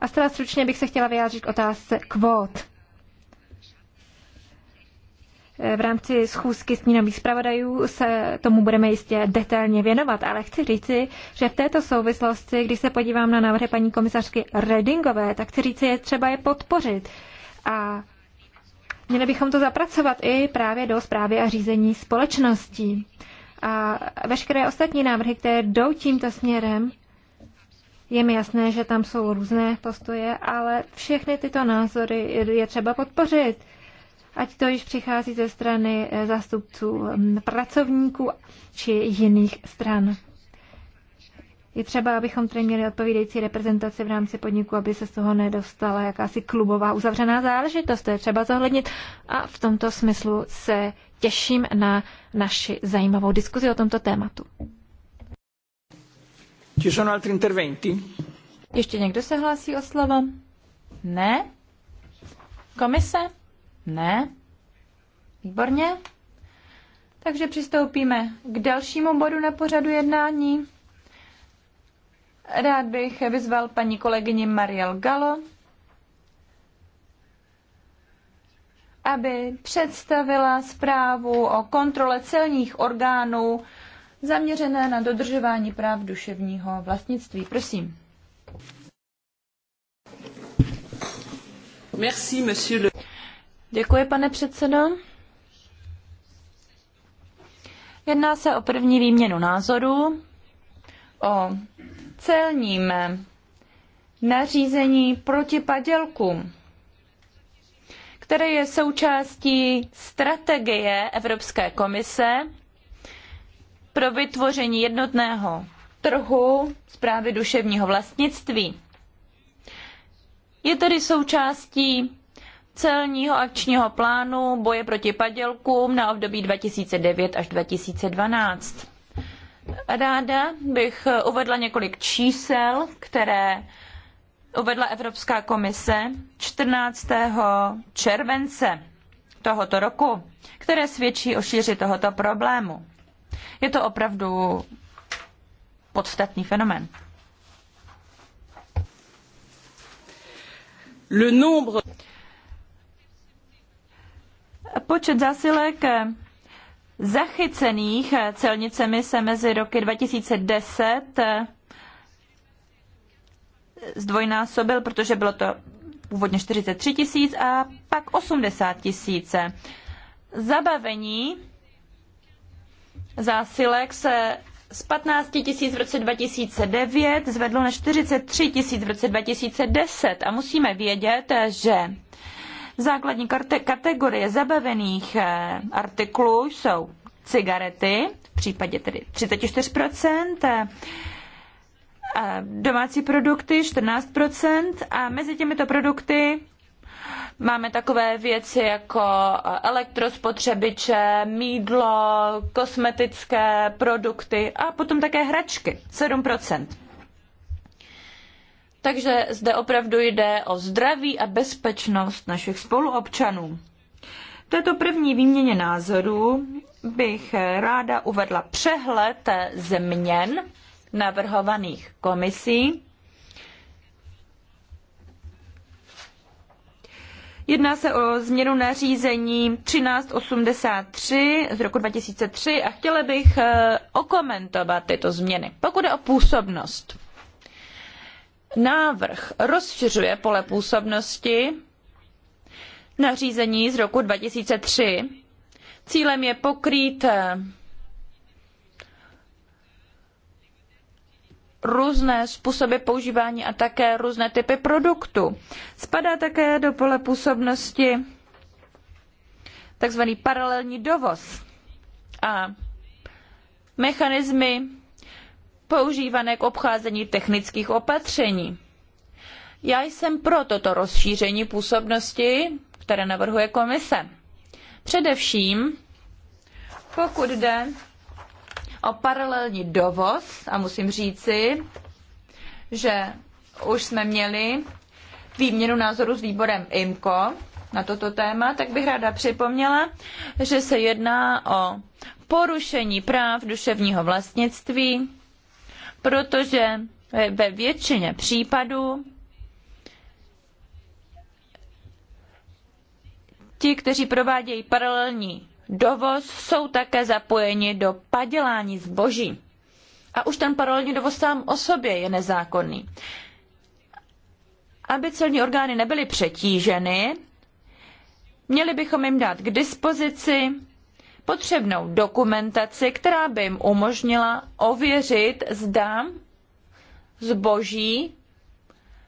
A zcela stručně bych se chtěla vyjádřit k otázce kvót. V rámci schůzky stínových zpravodajů se tomu budeme jistě detailně věnovat, ale chci říci, že v této souvislosti, když se podívám na návrhy paní komisařky Redingové, tak chci říci, že třeba je podpořit. A Měli bychom to zapracovat i právě do zprávy a řízení společností. A veškeré ostatní návrhy, které jdou tímto směrem, je mi jasné, že tam jsou různé postoje, ale všechny tyto názory je třeba podpořit. Ať to již přichází ze strany eh, zástupců mm, pracovníků či jiných stran je třeba, abychom tady měli odpovídající reprezentaci v rámci podniku, aby se z toho nedostala jakási klubová uzavřená záležitost. To je třeba zohlednit. A v tomto smyslu se těším na naši zajímavou diskuzi o tomto tématu. interventi? Ještě někdo se hlásí o slovo? Ne? Komise? Ne? Výborně. Takže přistoupíme k dalšímu bodu na pořadu jednání. Rád bych vyzval paní kolegyni Mariel Galo, aby představila zprávu o kontrole celních orgánů zaměřené na dodržování práv duševního vlastnictví. Prosím. Merci, monsieur le... Děkuji, pane předsedo. Jedná se o první výměnu názorů o celním nařízení proti padělkům, které je součástí strategie Evropské komise pro vytvoření jednotného trhu zprávy duševního vlastnictví. Je tedy součástí celního akčního plánu boje proti padělkům na období 2009 až 2012. Ráda bych uvedla několik čísel, které uvedla Evropská komise 14. července tohoto roku, které svědčí o šíři tohoto problému. Je to opravdu podstatný fenomén. Le nombre... Počet zásilek zachycených eh, celnicemi se mezi roky 2010 eh, zdvojnásobil, protože bylo to původně 43 tisíc a pak 80 tisíc. Zabavení zásilek se z 15 tisíc v roce 2009 zvedlo na 43 tisíc v roce 2010 a musíme vědět, eh, že Základní kategorie zabavených eh, artiklů jsou cigarety, v případě tedy 34%, eh, domácí produkty 14% a mezi těmito produkty Máme takové věci jako eh, elektrospotřebiče, mídlo, kosmetické produkty a potom také hračky 7%. Takže zde opravdu jde o zdraví a bezpečnost našich spoluobčanů. V této první výměně názorů bych ráda uvedla přehled změn navrhovaných komisí. Jedná se o změnu nařízení 1383 z roku 2003 a chtěla bych eh, okomentovat tyto změny. Pokud je o působnost, návrh rozšiřuje pole působnosti nařízení z roku 2003. Cílem je pokrýt eh, různé způsoby používání a také různé typy produktů. Spadá také do pole působnosti takzvaný paralelní dovoz a mechanismy používané k obcházení technických opatření. Já jsem pro toto rozšíření působnosti, které navrhuje komise. Především, pokud jde o paralelní dovoz, a musím říci, že už jsme měli výměnu názoru s výborem IMCO na toto téma, tak bych ráda připomněla, že se jedná o porušení práv duševního vlastnictví protože ve většině případů ti, kteří provádějí paralelní dovoz, jsou také zapojeni do padělání zboží. A už ten paralelní dovoz sám o sobě je nezákonný. Aby celní orgány nebyly přetíženy, měli bychom jim dát k dispozici potřebnou dokumentaci, která by jim umožnila ověřit, zda zboží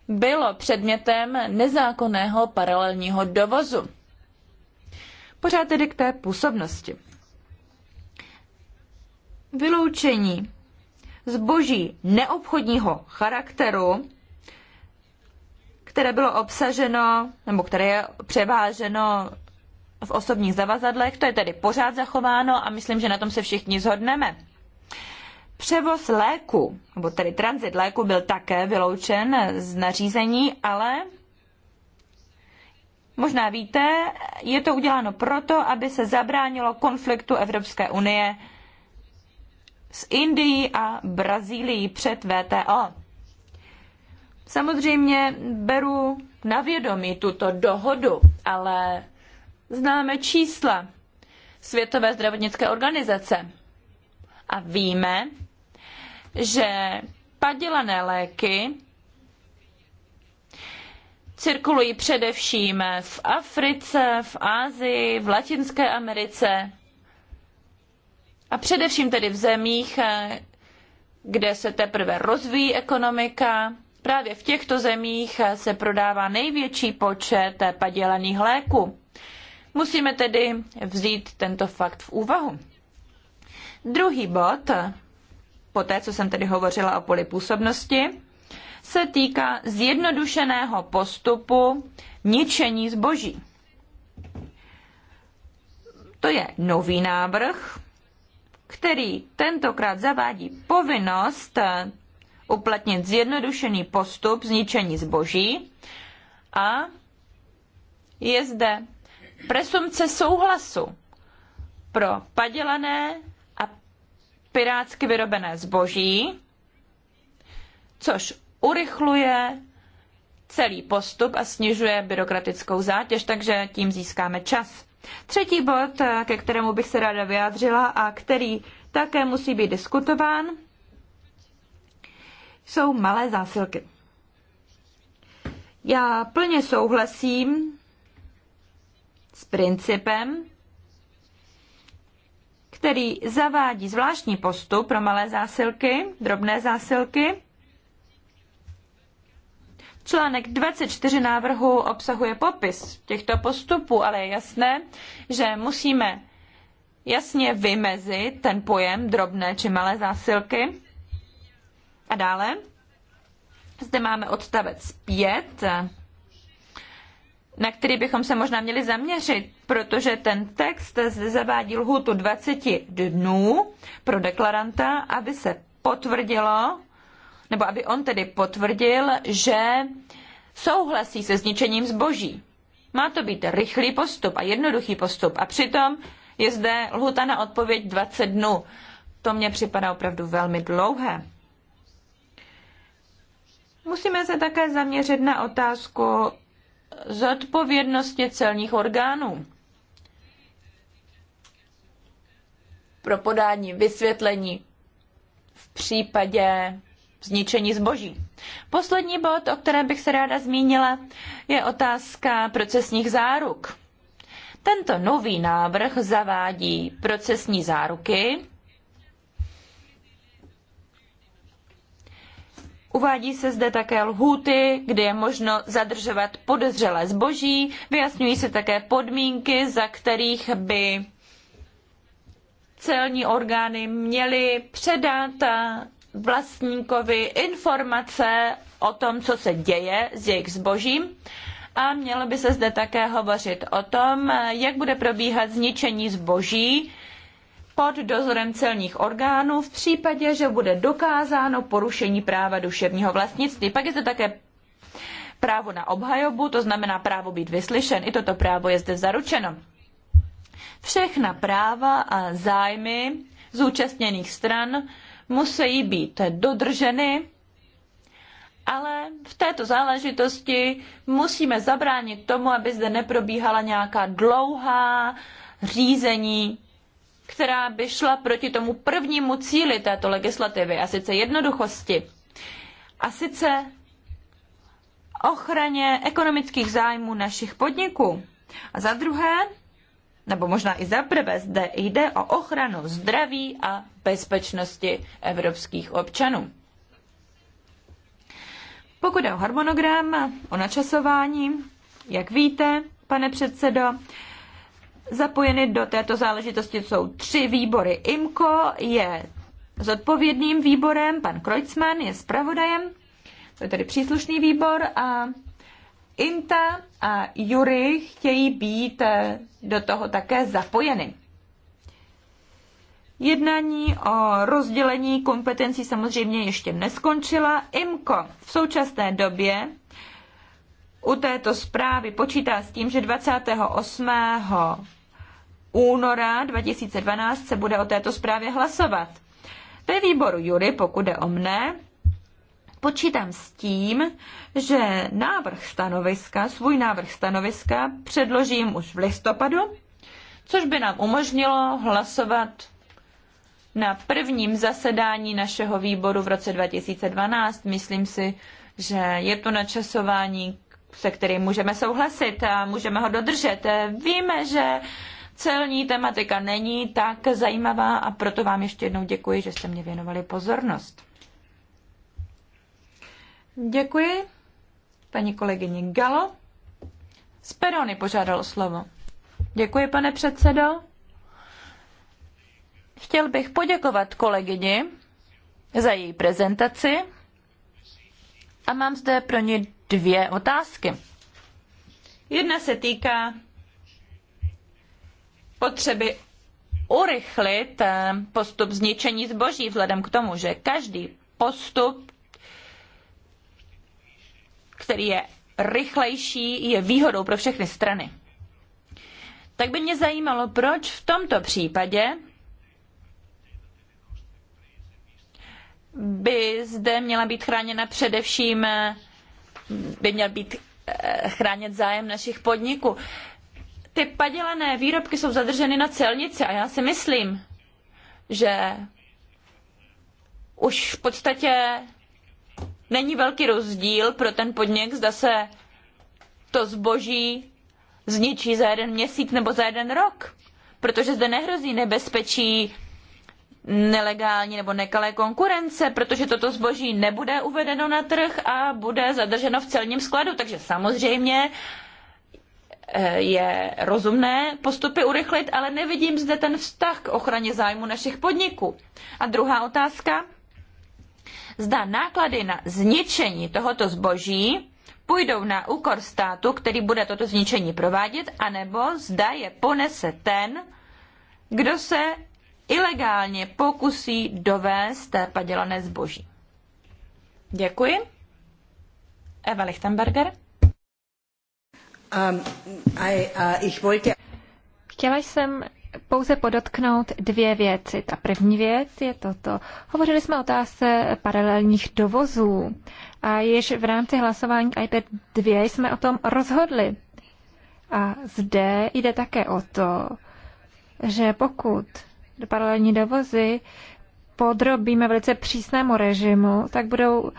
bylo předmětem nezákonného paralelního dovozu. Pořád tedy k té působnosti. Vyloučení zboží neobchodního charakteru, které bylo obsaženo nebo které je převáženo v osobních zavazadlech, to je tedy pořád zachováno a myslím, že na tom se všichni zhodneme. Převoz léku, nebo tedy transit léku byl také vyloučen z nařízení, ale možná víte, je to uděláno proto, aby se zabránilo konfliktu Evropské unie s Indií a Brazílií před VTO. Samozřejmě beru na vědomí tuto dohodu, ale Známe čísla Světové zdravotnické organizace a víme, že padělané léky cirkulují především v Africe, v Asii, v Latinské Americe a především tedy v zemích, kde se teprve rozvíjí ekonomika. Právě v těchto zemích se prodává největší počet padělaných léků. Musíme tedy vzít tento fakt v úvahu. Druhý bod, po té, co jsem tedy hovořila o polipůsobnosti, se týká zjednodušeného postupu ničení zboží. To je nový návrh, který tentokrát zavádí povinnost uplatnit zjednodušený postup zničení zboží a je zde presumce souhlasu pro padělané a pirátsky vyrobené zboží, což urychluje celý postup a snižuje byrokratickou zátěž, takže tím získáme čas. Třetí bod, ke kterému bych se ráda vyjádřila a který také musí být diskutován, jsou malé zásilky. Já plně souhlasím s principem, který zavádí zvláštní postup pro malé zásilky, drobné zásilky. Článek 24 návrhu obsahuje popis těchto postupů, ale je jasné, že musíme jasně vymezit ten pojem drobné či malé zásilky. A dále zde máme odstavec 5, na který bychom se možná měli zaměřit, protože ten text zde zavádí lhůtu 20 dnů pro deklaranta, aby se potvrdilo, nebo aby on tedy potvrdil, že souhlasí se zničením zboží. Má to být rychlý postup a jednoduchý postup a přitom je zde lhuta na odpověď 20 dnů. To mně připadá opravdu velmi dlouhé. Musíme se také zaměřit na otázku zodpovědnosti celních orgánů pro podání vysvětlení v případě zničení zboží. Poslední bod, o kterém bych se ráda zmínila, je otázka procesních záruk. Tento nový návrh zavádí procesní záruky Uvádí se zde také lhůty, kdy je možno zadržovat podezřelé zboží, vyjasňují se také podmínky, za kterých by celní orgány měly předat vlastníkovi informace o tom, co se děje s jejich zbožím. A mělo by se zde také hovořit o tom, jak bude probíhat zničení zboží, pod dozorem celních orgánů v případě, že bude dokázáno porušení práva duševního vlastnictví. Pak je zde také právo na obhajobu, to znamená právo být vyslyšen. I toto právo je zde zaručeno. Všechna práva a zájmy zúčastněných stran musí být dodrženy, ale v této záležitosti musíme zabránit tomu, aby zde neprobíhala nějaká dlouhá řízení která by šla proti tomu prvnímu cíli této legislativy, a sice jednoduchosti, a sice ochraně ekonomických zájmů našich podniků. A za druhé, nebo možná i za prvé, zde jde o ochranu zdraví a bezpečnosti evropských občanů. Pokud je o harmonogram, o načasování, jak víte, pane předsedo, Zapojeny do této záležitosti jsou tři výbory. IMCO je zodpovědným výborem, pan Kreutzmann je zpravodajem, to je tedy příslušný výbor a Inta a Jury chtějí být eh, do toho také zapojeny. Jednání o rozdělení kompetencí samozřejmě ještě neskončila. IMCO v současné době u této zprávy počítá s tím, že 28 února 2012 se bude o této zprávě hlasovat. Ve výboru Jury, pokud jde o mne, počítám s tím, že návrh stanoviska, svůj návrh stanoviska předložím už v listopadu, což by nám umožnilo hlasovat na prvním zasedání našeho výboru v roce 2012. Myslím si, že je to načasování, se kterým můžeme souhlasit a můžeme ho dodržet. Víme, že celní tematika není tak zajímavá a proto vám ještě jednou děkuji, že jste mě věnovali pozornost. Děkuji. Paní kolegyně Galo. Sperony požádal o slovo. Děkuji, pane předsedo. Chtěl bych poděkovat kolegyni za její prezentaci a mám zde pro ně dvě otázky. Jedna se týká potřeby urychlit eh, postup zničení zboží, vzhledem k tomu, že každý postup, který je rychlejší, je výhodou pro všechny strany. Tak by mě zajímalo, proč v tomto případě by zde měla být chráněna především, eh, by měl být eh, chránit zájem našich podniků. Ty padělané výrobky jsou zadrženy na celnici a já si myslím, že už v podstatě není velký rozdíl pro ten podnik, zda se to zboží zničí za jeden měsíc nebo za jeden rok, protože zde nehrozí nebezpečí nelegální nebo nekalé konkurence, protože toto zboží nebude uvedeno na trh a bude zadrženo v celním skladu. Takže samozřejmě Eh, je rozumné postupy urychlit, ale nevidím zde ten vztah k ochraně zájmu našich podniků. A druhá otázka. Zda náklady na zničení tohoto zboží půjdou na úkor státu, který bude toto zničení provádět, anebo zda je ponese ten, kdo se ilegálně pokusí dovést padělané zboží. Děkuji. Eva Lichtenberger. Um, uh, Chtěla jsem pouze podotknout dvě věci. Ta první věc je toto. Hovořili jsme o otázce paralelních dovozů a již v rámci hlasování iPad 2 jsme o tom rozhodli. A zde jde také o to, že pokud do paralelní dovozy podrobíme velice přísnému režimu, tak budou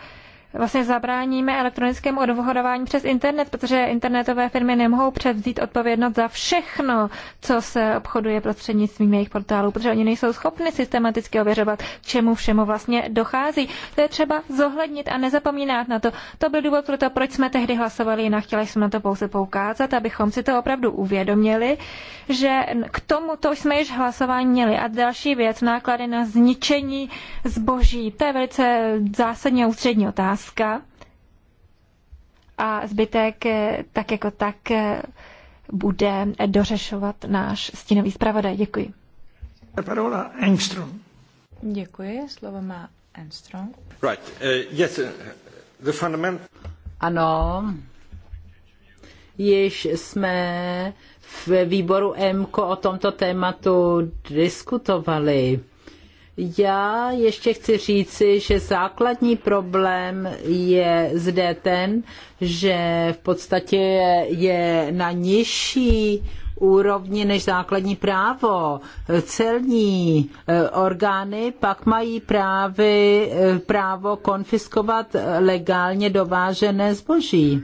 vlastně zabráníme elektronickému odvohodování přes internet, protože internetové firmy nemohou převzít odpovědnost za všechno, co se obchoduje prostřednictvím jejich portálů, protože oni nejsou schopni systematicky ověřovat, k čemu všemu vlastně dochází. To je třeba zohlednit a nezapomínat na to. To byl důvod pro to, proč jsme tehdy hlasovali jinak. Chtěli jsme na to pouze poukázat, abychom si to opravdu uvědomili, že k tomu to jsme již hlasování měli. A další věc, náklady na zničení zboží. To je velice zásadně ústřední otázka láska a zbytek eh, tak jako tak eh, bude dořešovat náš stínový zpravodaj. Děkuji. Parola Engström. Děkuji, slovo má Engström. Right. Uh, yes, uh, the fundament... Ano, již jsme v výboru MKO o tomto tématu diskutovali. Já ještě chci říci, že základní problém je zde ten, že v podstatě je na nižší úrovni než základní právo. Celní eh, orgány pak mají právě eh, právo konfiskovat legálně dovážené zboží.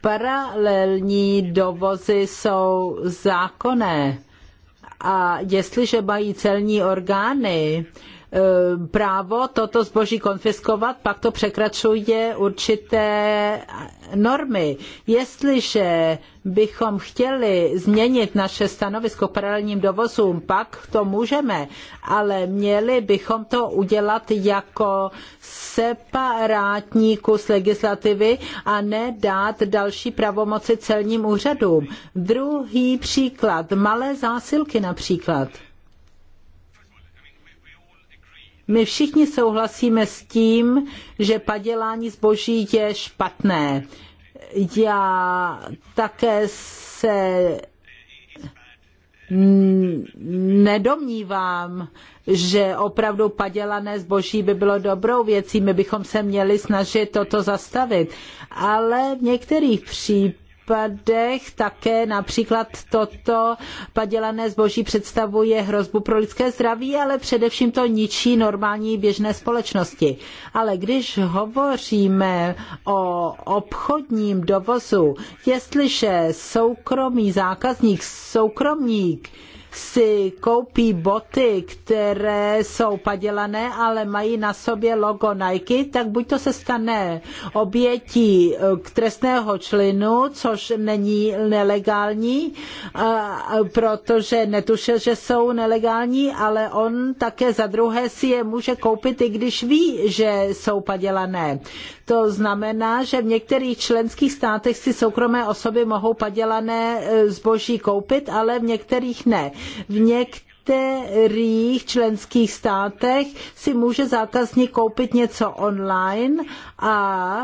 Paralelní dovozy jsou zákonné a jestliže mají celní orgány eh, právo toto zboží konfiskovat, pak to překračuje určité normy. Jestliže bychom chtěli změnit naše stanovisko k paralelním dovozům, pak to můžeme, ale měli bychom to udělat jako separátní z legislativy a ne dát další pravomoci celním úřadům. Druhý příklad, malé zásilky například. My všichni souhlasíme s tím, že padělání zboží je špatné. Já také se nedomnívám, že opravdu padělané zboží by bylo dobrou věcí. My bychom se měli snažit toto zastavit. Ale v některých případech případech také například toto padělané zboží představuje hrozbu pro lidské zdraví, ale především to ničí normální běžné společnosti. Ale když hovoříme o obchodním dovozu, jestliže soukromý zákazník, soukromník, si koupí boty, které jsou padělané, ale mají na sobě logo Nike, tak buď to se stane obětí k eh, trestného člinu, což není nelegální, eh, protože netušil, že jsou nelegální, ale on také za druhé si je může koupit, i když ví, že jsou padělané. To znamená, že v některých členských státech si soukromé osoby mohou padělané eh, zboží koupit, ale v některých ne v některých členských státech si může zákazník koupit něco online a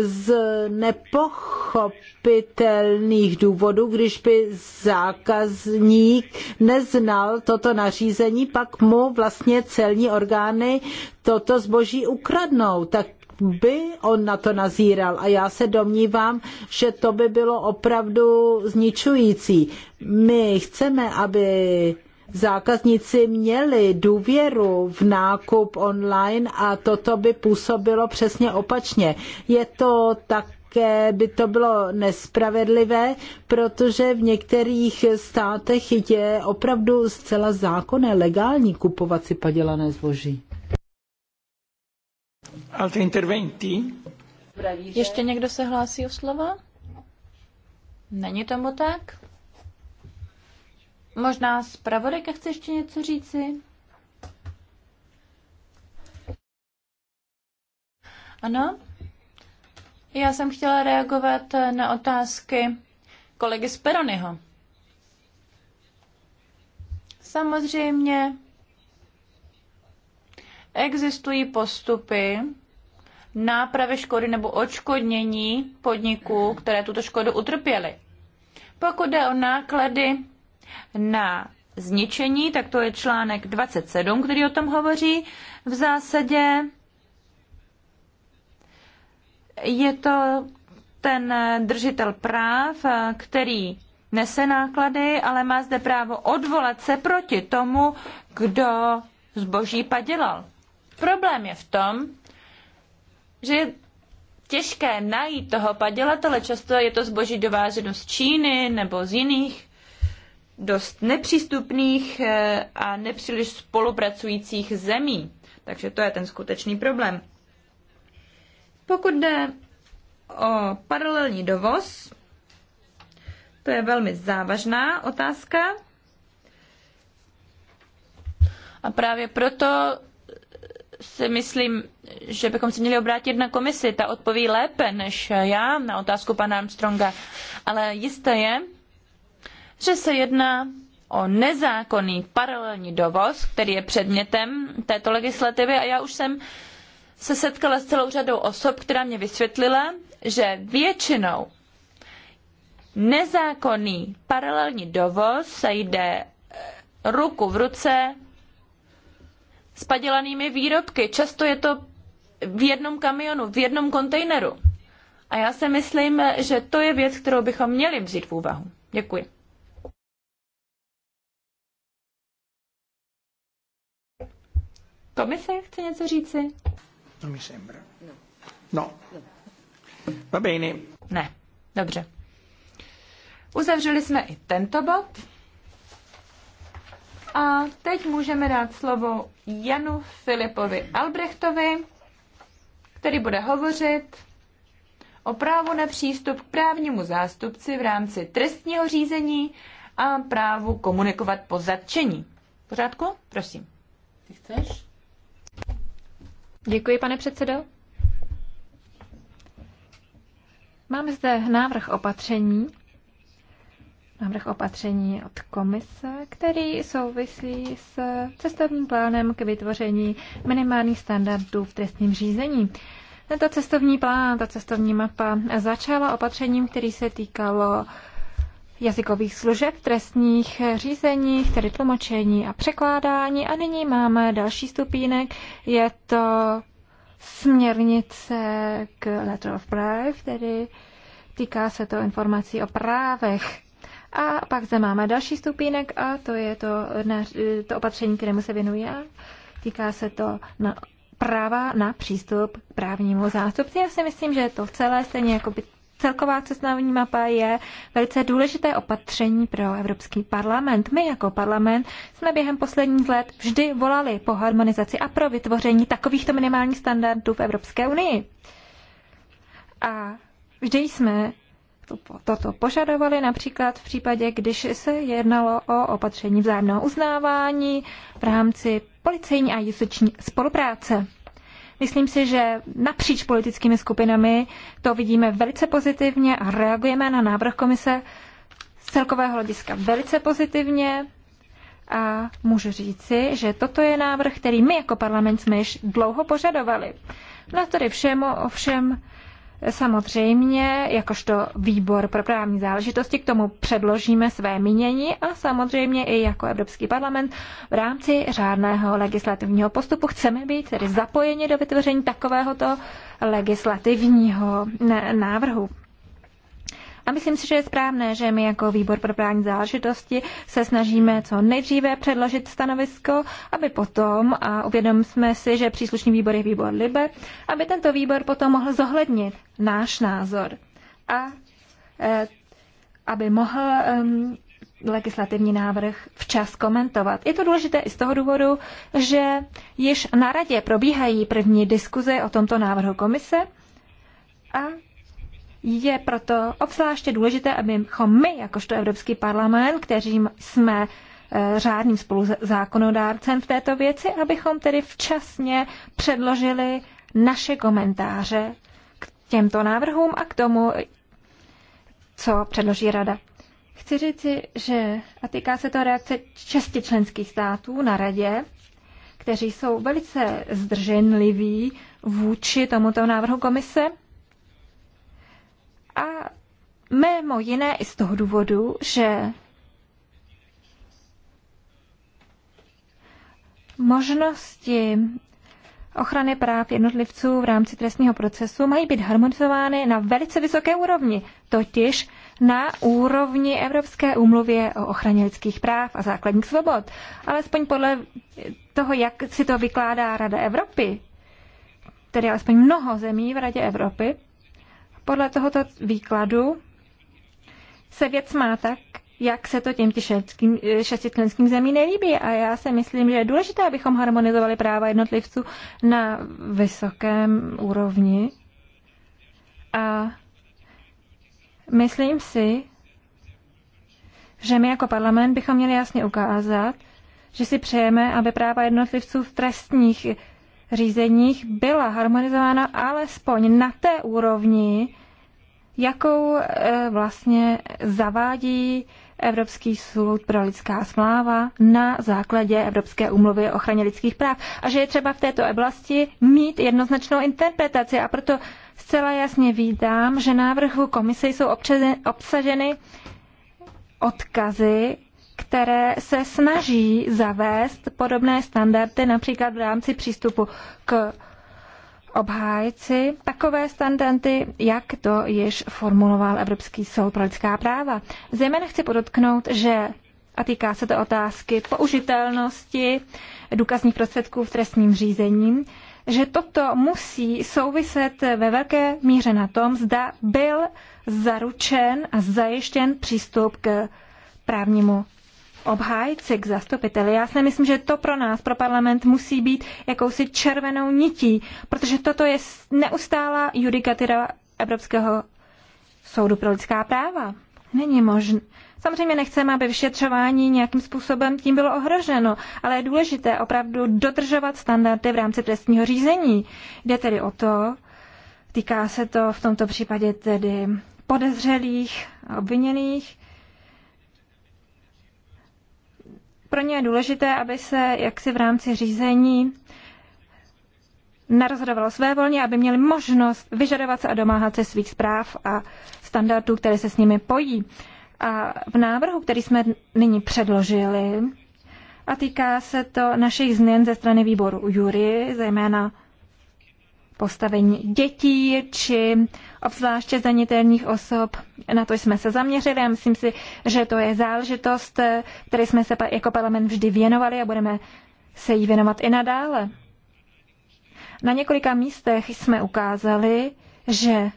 z nepochopitelných důvodů, když by zákazník neznal toto nařízení, pak mu vlastně celní orgány toto zboží ukradnou. Tak by on na to nazíral. A já se domnívám, že to by bylo opravdu zničující. My chceme, aby zákazníci měli důvěru v nákup online a toto by působilo přesně opačně. Je to tak také by to bylo nespravedlivé, protože v některých státech je opravdu zcela zákonné, legální kupovat si padělané zboží. Altri interventi? Ještě někdo se hlásí o slova? Není tomu tak? Možná zpravodajka chce ještě něco říci? Ano? Já jsem chtěla reagovat na otázky kolegy z Peronyho. Samozřejmě existují postupy, nápravy škody nebo odškodnění podniků, které tuto škodu utrpěly. Pokud jde o náklady na zničení, tak to je článek 27, který o tom hovoří. V zásadě je to ten držitel práv, který nese náklady, ale má zde právo odvolat se proti tomu, kdo zboží padělal. Problém je v tom, že je těžké najít toho padělatele. Často je to zboží dováženo z Číny nebo z jiných dost nepřístupných eh, a nepříliš spolupracujících zemí. Takže to je ten skutečný problém. Pokud jde o paralelní dovoz, to je velmi závažná otázka. A právě proto si myslím, že bychom se měli obrátit na komisi. Ta odpoví lépe než já na otázku pana Armstronga. Ale jisté je, že se jedná o nezákonný paralelní dovoz, který je předmětem této legislativy a já už jsem se setkala s celou řadou osob, která mě vysvětlila, že většinou nezákonný paralelní dovoz se jde ruku v ruce s padělanými výrobky. Často je to v jednom kamionu, v jednom kontejneru. A já si myslím, že to je věc, kterou bychom měli vzít v úvahu. Děkuji. Komise chce něco říci? No mi no. no. Va Ne, dobře. Uzavřeli jsme i tento bod. A teď můžeme dát slovo Janu Filipovi Albrechtovi, který bude hovořit o právu na přístup k právnímu zástupci v rámci trestního řízení a právu komunikovat po zatčení. Pořádku? Prosím. Ty chceš? Děkuji, pane předsedo. Máme zde návrh opatření, návrh opatření od komise, který souvislí s cestovním plánem k vytvoření minimálních standardů v trestním řízení. Tento cestovní plán, ta cestovní mapa začala opatřením, který se týkalo jazykových služeb, trestních řízení, tedy tlumočení a překládání. A nyní máme další stupínek, je to směrnice k Letter of Brave, tedy týká se to informací o právech a pak zde máme další stupínek a to je to, to opatření, kterému se věnuji já. Týká se to na práva na přístup k právnímu zástupci. Já si myslím, že to celé stejně jako by celková cestovní mapa je velice důležité opatření pro Evropský parlament. My jako parlament jsme během posledních let vždy volali po harmonizaci a pro vytvoření takovýchto minimálních standardů v Evropské unii. A vždy jsme toto požadovali, například v případě, když se jednalo o opatření vzájemného uznávání v rámci policejní a justiční spolupráce. Myslím si, že napříč politickými skupinami to vidíme velice pozitivně a reagujeme na návrh komise z celkového hlediska velice pozitivně a můžu říci, že toto je návrh, který my jako parlament jsme již dlouho požadovali. No tady všemu ovšem Samozřejmě, jakožto výbor pro právní záležitosti, k tomu předložíme své mínění a samozřejmě i jako Evropský parlament v rámci řádného legislativního postupu chceme být tedy zapojeni do vytvoření takovéhoto legislativního návrhu. A myslím si, že je správné, že my jako výbor pro právní záležitosti se snažíme co nejdříve předložit stanovisko, aby potom, a uvědomíme jsme si, že příslušný výbor je výbor Libe, aby tento výbor potom mohl zohlednit náš názor a eh, aby mohl eh, legislativní návrh včas komentovat. Je to důležité i z toho důvodu, že již na radě probíhají první diskuze o tomto návrhu komise a je proto obzvláště důležité, abychom my, jakožto Evropský parlament, kteřím jsme eh, řádným spoluzákonodárcem v této věci, abychom tedy včasně předložili naše komentáře k těmto návrhům a k tomu, co předloží Rada. Chci říci, že a týká se to reakce šesti členských států na Radě, kteří jsou velice zdrženliví vůči tomuto návrhu komise a mimo jiné i z toho důvodu, že možnosti ochrany práv jednotlivců v rámci trestního procesu mají být harmonizovány na velice vysoké úrovni, totiž na úrovni Evropské úmluvě o ochraně lidských práv a základních svobod. Alespoň podle toho, jak si to vykládá Rada Evropy, tedy alespoň mnoho zemí v Radě Evropy, podle tohoto výkladu se věc má tak, jak se to těm šestitlenským, zemí nelíbí. A já si myslím, že je důležité, abychom harmonizovali práva jednotlivců na vysokém úrovni. A myslím si, že my jako parlament bychom měli jasně ukázat, že si přejeme, aby práva jednotlivců v trestních řízeních byla harmonizována alespoň na té úrovni, jakou e, vlastně zavádí Evropský soud pro lidská smláva na základě Evropské úmluvy o ochraně lidských práv a že je třeba v této oblasti mít jednoznačnou interpretaci a proto zcela jasně vítám, že návrhu komise jsou obsaženy odkazy které se snaží zavést podobné standardy, například v rámci přístupu k obhájci takové standardy, jak to již formuloval Evropský soud pro lidská práva. Zejména chci podotknout, že a týká se to otázky použitelnosti důkazních prostředků v trestním řízení, že toto musí souviset ve velké míře na tom, zda byl zaručen a zajištěn přístup k právnímu obhájce k zastupiteli. Já si myslím, že to pro nás, pro parlament, musí být jakousi červenou nití, protože toto je neustálá judikatura Evropského soudu pro lidská práva. Není možné. Samozřejmě nechceme, aby vyšetřování nějakým způsobem tím bylo ohroženo, ale je důležité opravdu dodržovat standardy v rámci trestního řízení. Jde tedy o to, týká se to v tomto případě tedy podezřelých a obviněných, pro ně je důležité, aby se jaksi v rámci řízení narozhodovalo své volně, aby měli možnost vyžadovat se a domáhat se svých zpráv a standardů, které se s nimi pojí. A v návrhu, který jsme nyní předložili, a týká se to našich změn ze strany výboru Jury, zejména postavení dětí či obzvláště zanitelných osob. Na to jsme se zaměřili a myslím si, že to je záležitost, které jsme se jako parlament vždy věnovali a budeme se jí věnovat i nadále. Na několika místech jsme ukázali, že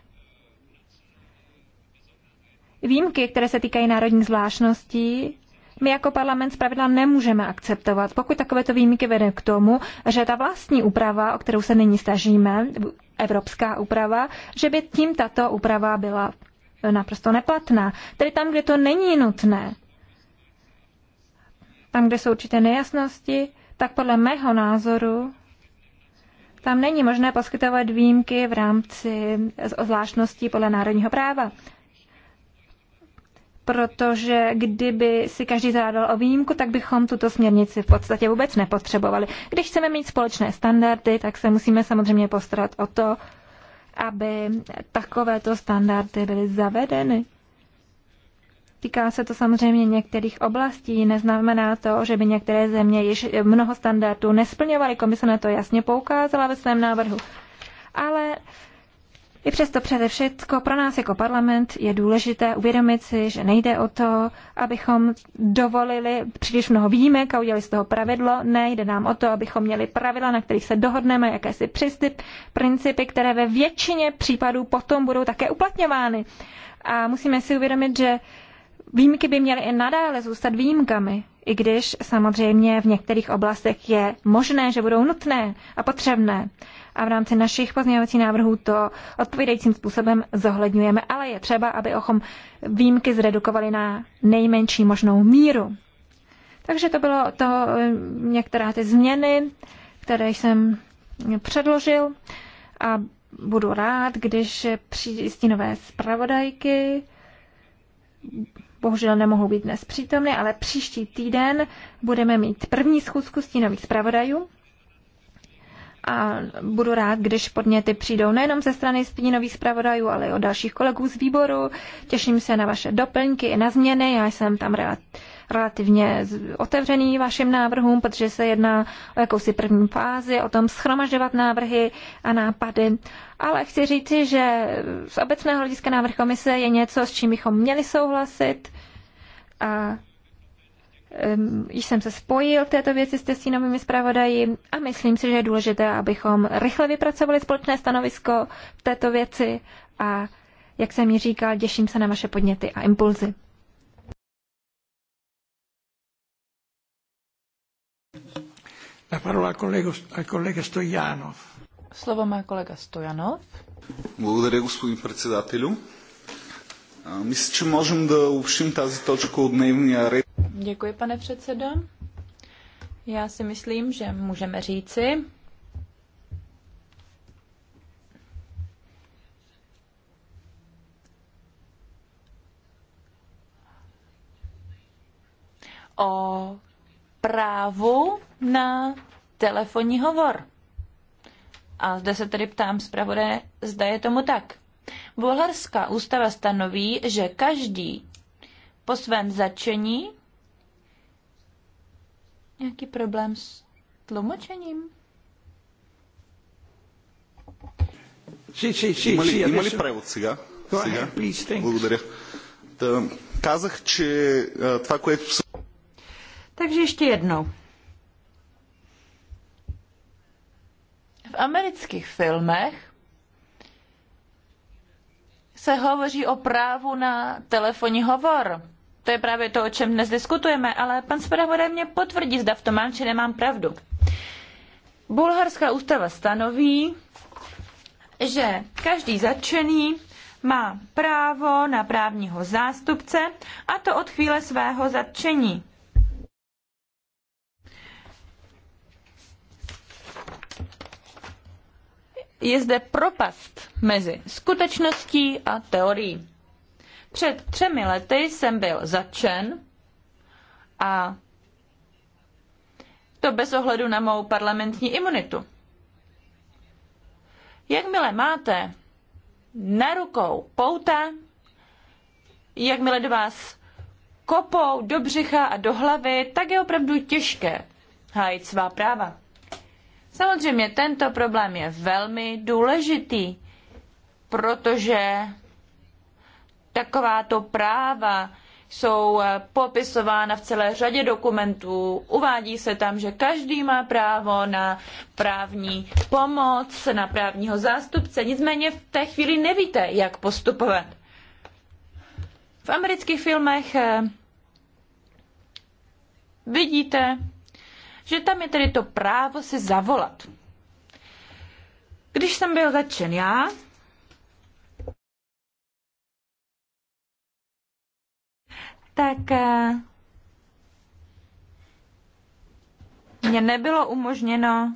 výjimky, které se týkají národních zvláštností, my jako parlament zpravidla nemůžeme akceptovat, pokud takovéto výjimky vede k tomu, že ta vlastní úprava, o kterou se nyní stažíme, evropská úprava, že by tím tato úprava byla naprosto neplatná. Tedy tam, kde to není nutné, tam, kde jsou určité nejasnosti, tak podle mého názoru tam není možné poskytovat výjimky v rámci zvláštností podle národního práva protože kdyby si každý zadal o výjimku, tak bychom tuto směrnici v podstatě vůbec nepotřebovali. Když chceme mít společné standardy, tak se musíme samozřejmě postarat o to, aby takovéto standardy byly zavedeny. Týká se to samozřejmě některých oblastí, neznamená to, že by některé země již mnoho standardů nesplňovaly. Komise na to jasně poukázala ve svém návrhu. Ale i přesto přede všechno pro nás jako parlament je důležité uvědomit si, že nejde o to, abychom dovolili příliš mnoho výjimek a udělali z toho pravidlo. Ne, jde nám o to, abychom měli pravidla, na kterých se dohodneme, jakési přistyp, principy, které ve většině případů potom budou také uplatňovány. A musíme si uvědomit, že výjimky by měly i nadále zůstat výjimkami, i když samozřejmě v některých oblastech je možné, že budou nutné a potřebné a v rámci našich pozměňovacích návrhů to odpovídajícím způsobem zohledňujeme, ale je třeba, abychom výjimky zredukovali na nejmenší možnou míru. Takže to bylo to eh, některá ty změny, které jsem předložil a budu rád, když přijistí nové zpravodajky. Bohužel nemohou být dnes přítomny, ale příští týden budeme mít první schůzku stínových zpravodajů a budu rád, když podněty přijdou nejenom ze strany stínových zpravodajů, ale i od dalších kolegů z výboru. Těším se na vaše doplňky i na změny. Já jsem tam relativně otevřený vašim návrhům, protože se jedná o jakousi první fázi, o tom schromažďovat návrhy a nápady. Ale chci říci, že z obecného hlediska návrh komise je něco, s čím bychom měli souhlasit. A Ehm, již jsem se spojil v této věci s testínovými zpravodaji a myslím si, že je důležité, abychom rychle vypracovali společné stanovisko v této věci a jak jsem ji říkal, těším se na vaše podněty a impulzy. La parola al collega Stojanov. Slovo má kolega Stojanov. Благодаря, господин председателю. Мисля, че можем да общим тази точка от дневния ред. Děkuji, pane předsedo. Já si myslím, že můžeme říci, o právu na telefonní hovor. A zde se tedy ptám zpravodaje, zda je tomu tak. Bulharská ústava stanoví, že každý po svém začení nějaký problém s tlumočením? Sì, sì, sì, има, ли, sì, има ли превод сега? сега? Благодаря. Та, казах, че а, това, което... Takže ještě jednou. V amerických filmech se hovoří o právu na telefonní hovor to je právě to, o čem dnes diskutujeme, ale pan zpravodaj mě potvrdí, zda v tom mám či nemám pravdu. Bulharská ústava stanoví, že každý zatčený má právo na právního zástupce a to od chvíle svého zatčení. Je zde propast mezi skutečností a teorií. Před třemi lety jsem byl začen a to bez ohledu na mou parlamentní imunitu. Jakmile máte na rukou pouta, jakmile do vás kopou do břicha a do hlavy, tak je opravdu těžké hájit svá práva. Samozřejmě tento problém je velmi důležitý, protože Takováto práva jsou eh, popisována v celé řadě dokumentů. Uvádí se tam, že každý má právo na právní pomoc, na právního zástupce. Nicméně v té chvíli nevíte, jak postupovat. V amerických filmech eh, vidíte, že tam je tedy to právo si zavolat. Když jsem byl začen já, tak eh, mě nebylo umožněno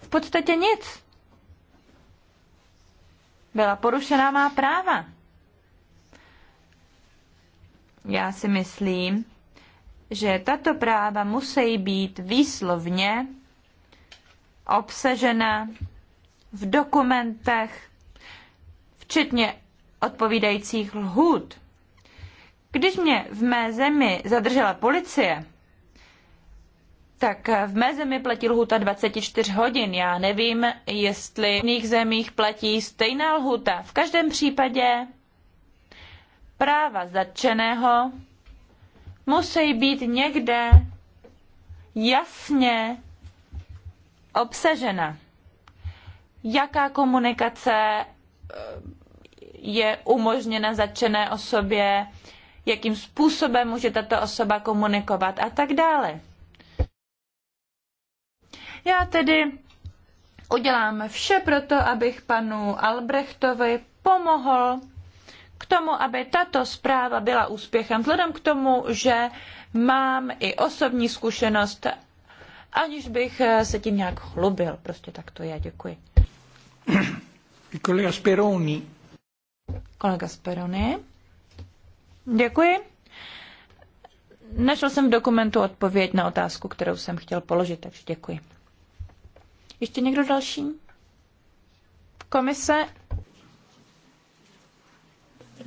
v podstatě nic. Byla porušená má práva. Já si myslím, že tato práva musí být výslovně obsažena v dokumentech, včetně odpovídajících lhůt. Když mě v mé zemi zadržela policie, tak v mé zemi platí lhuta 24 hodin. Já nevím, jestli v jiných zemích platí stejná lhuta. V každém případě práva zatčeného musí být někde jasně obsažena. Jaká komunikace je umožněna začené osobě, jakým způsobem může tato osoba komunikovat a tak dále. Já tedy udělám vše pro to, abych panu Albrechtovi pomohl k tomu, aby tato zpráva byla úspěchem, vzhledem k tomu, že mám i osobní zkušenost, aniž bych se tím nějak chlubil. Prostě tak to je. Děkuji. Kolega Speroni. Kolega Sperony. Děkuji. Našel jsem v dokumentu odpověď na otázku, kterou jsem chtěl položit, takže děkuji. Ještě někdo další? Komise?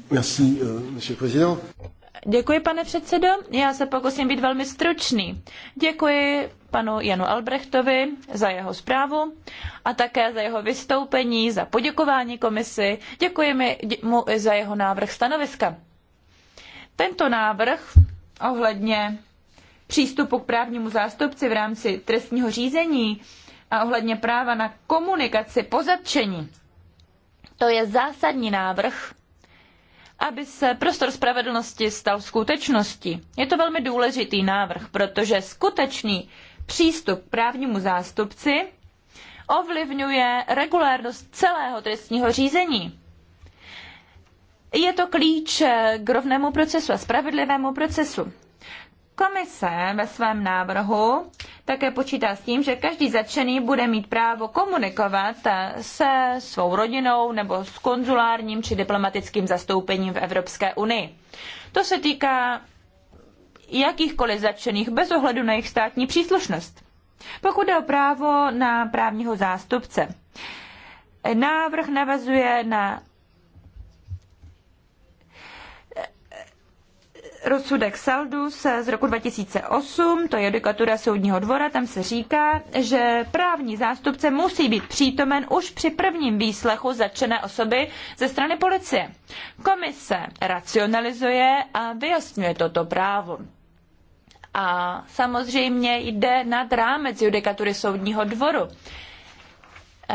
Merci, euh, monsieur président. Děkuji, pane předsedo. Já se pokusím být velmi stručný. Děkuji panu Janu Albrechtovi za jeho zprávu a také za jeho vystoupení, za poděkování komisi. Děkujeme mu i za jeho návrh stanoviska. Tento návrh ohledně přístupu k právnímu zástupci v rámci trestního řízení a ohledně práva na komunikaci po zatčení, to je zásadní návrh, aby se prostor spravedlnosti stal skutečností. Je to velmi důležitý návrh, protože skutečný přístup k právnímu zástupci ovlivňuje regulérnost celého trestního řízení. Je to klíč k rovnému procesu a spravedlivému procesu. Komise ve svém návrhu také počítá s tím, že každý zatčený bude mít právo komunikovat se svou rodinou nebo s konzulárním či diplomatickým zastoupením v Evropské unii. To se týká jakýchkoliv zatčených bez ohledu na jejich státní příslušnost. Pokud jde o právo na právního zástupce, návrh navazuje na rozsudek Saldus z roku 2008, to je judikatura soudního dvora, tam se říká, že právní zástupce musí být přítomen už při prvním výslechu začené osoby ze strany policie. Komise racionalizuje a vyjasňuje toto právo. A samozřejmě jde nad rámec judikatury soudního dvoru.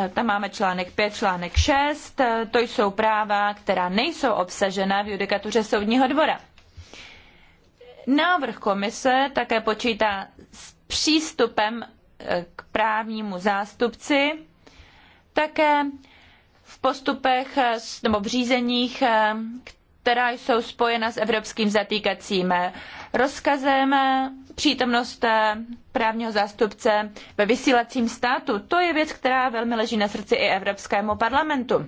E, tam máme článek 5, článek 6, e, to jsou práva, která nejsou obsažena v judikatuře soudního dvora. Návrh komise také počítá s přístupem e, k právnímu zástupci, také v postupech e, nebo v řízeních, e, která jsou spojena s evropským zatýkacím rozkazem, přítomnost právního zástupce ve vysílacím státu. To je věc, která velmi leží na srdci i Evropskému parlamentu.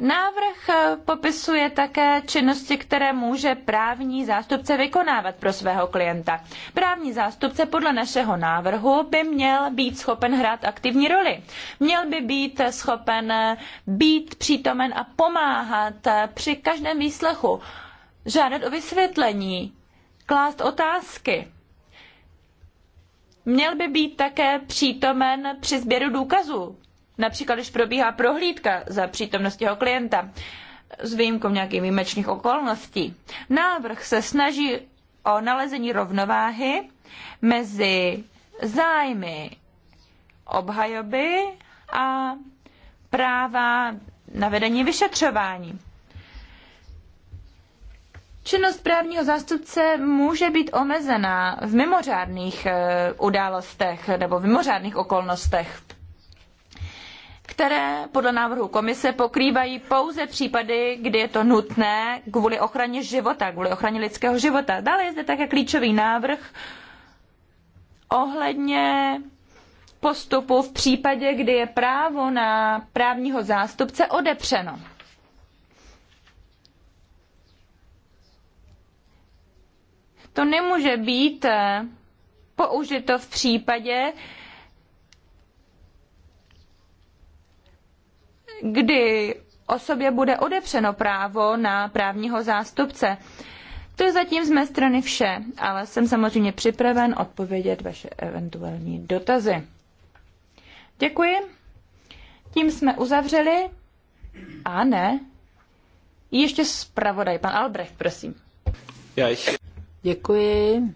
Návrh eh, popisuje také činnosti, které může právní zástupce vykonávat pro svého klienta. Právní zástupce podle našeho návrhu by měl být schopen hrát aktivní roli. Měl by být schopen eh, být přítomen a pomáhat eh, při každém výslechu, žádat o vysvětlení, klást otázky. Měl by být také přítomen při sběru důkazů, Například, když probíhá prohlídka za přítomnosti jeho klienta, s výjimkou nějakých výjimečných okolností. Návrh se snaží o nalezení rovnováhy mezi zájmy obhajoby a práva na vedení vyšetřování. Činnost právního zástupce může být omezená v mimořádných eh, událostech nebo v mimořádných okolnostech které podle návrhu komise pokrývají pouze případy, kdy je to nutné kvůli ochraně života, kvůli ochraně lidského života. Dále je zde také klíčový návrh ohledně postupu v případě, kdy je právo na právního zástupce odepřeno. To nemůže být použito v případě, kdy osobě bude odepřeno právo na právního zástupce. To je zatím z mé strany vše, ale jsem samozřejmě připraven odpovědět vaše eventuální dotazy. Děkuji. Tím jsme uzavřeli. A ne. Ještě zpravodaj, pan Albrecht, prosím. Já ještě. Děkuji.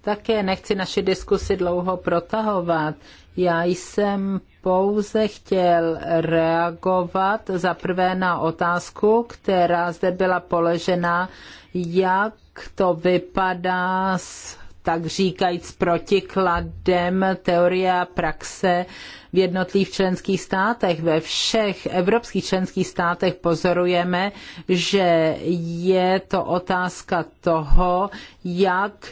Také nechci naši diskusi dlouho protahovat. Já jsem pouze chtěl reagovat za prvé na otázku, která zde byla položena, jak to vypadá s tak říkajíc protikladem teorie a praxe v jednotlivých členských státech. Ve všech evropských členských státech pozorujeme, že je to otázka toho, jak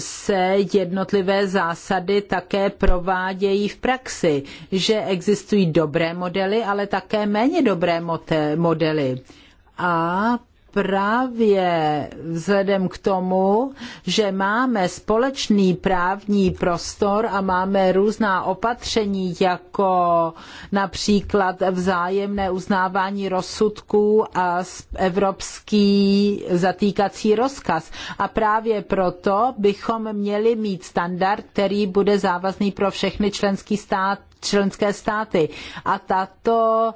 se jednotlivé zásady také provádějí v praxi, že existují dobré modely, ale také méně dobré modely. A právě vzhledem k tomu, že máme společný právní prostor a máme různá opatření, jako například vzájemné uznávání rozsudků a evropský zatýkací rozkaz. A právě proto bychom měli mít standard, který bude závazný pro všechny členský stát, členské státy. A tato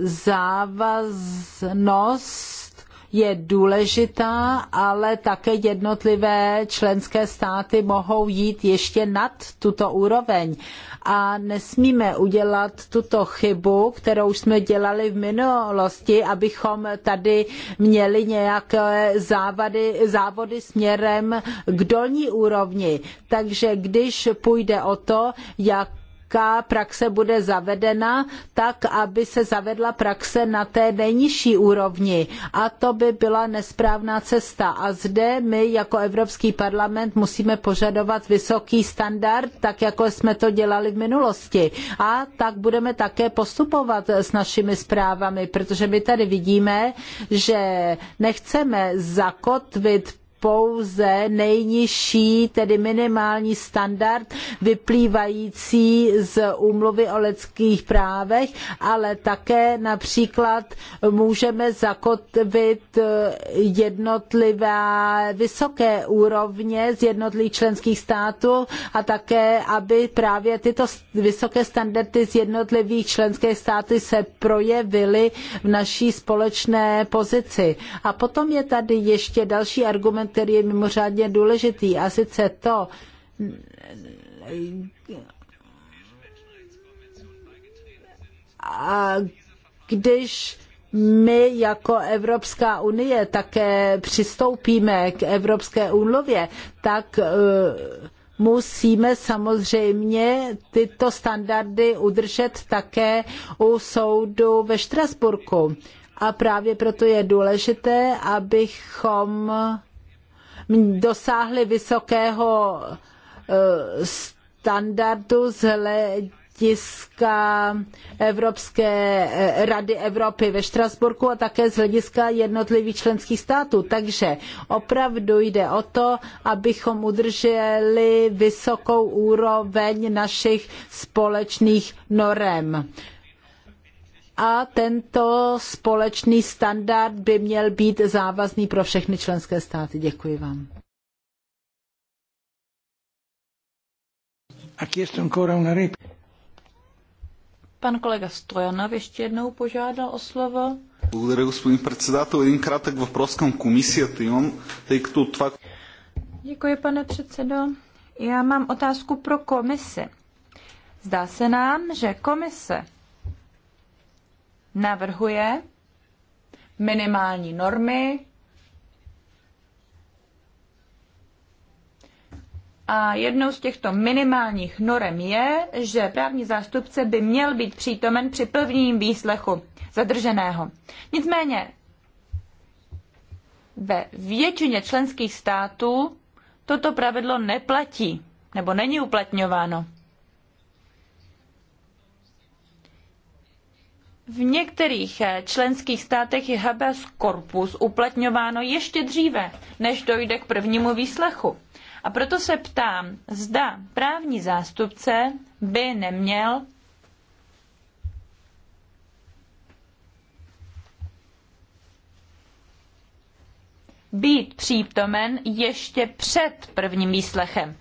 závaznost je důležitá, ale také jednotlivé členské státy mohou jít ještě nad tuto úroveň. A nesmíme udělat tuto chybu, kterou jsme dělali v minulosti, abychom tady měli nějaké závady, závody směrem k dolní úrovni. Takže když půjde o to, jak nějaká praxe bude zavedena, tak aby se zavedla praxe na té nejnižší úrovni. A to by byla nesprávná cesta. A zde my jako Evropský parlament musíme požadovat vysoký standard, tak jako jsme to dělali v minulosti. A tak budeme také postupovat s našimi zprávami, protože my tady vidíme, že nechceme zakotvit pouze nejnižší, tedy minimální standard vyplývající z úmluvy o lidských právech, ale také například můžeme zakotvit jednotlivé vysoké úrovně z jednotlivých členských států a také, aby právě tyto vysoké standardy z jednotlivých členských států se projevily v naší společné pozici. A potom je tady ještě další argument, který je mimořádně důležitý, a sice to, a když my jako Evropská unie také přistoupíme k Evropské úmluvě, tak e, musíme samozřejmě tyto standardy udržet také u soudu ve Štrasburku. A právě proto je důležité, abychom dosáhli vysokého eh, standardu z hlediska Evropské eh, rady Evropy ve Štrasburku a také z hlediska jednotlivých členských států. Takže opravdu jde o to, abychom udrželi vysokou úroveň našich společných norem a tento společný standard by měl být závazný pro všechny členské státy. Děkuji vám. Pan kolega Stojanov ještě jednou požádal o slovo. Благодаря, господин председател. Един кратък въпрос към комисията имам, тъй като това... Děkuji, pane předsedo. Já mám otázku pro komisi. Zdá se nám, že komise navrhuje minimální normy A jednou z těchto minimálních norem je, že právní zástupce by měl být přítomen při prvním výslechu zadrženého. Nicméně ve většině členských států toto pravidlo neplatí nebo není uplatňováno. v některých eh, členských státech je habeas corpus uplatňováno ještě dříve, než dojde k prvnímu výslechu. A proto se ptám, zda právní zástupce by neměl být přítomen ještě před prvním výslechem.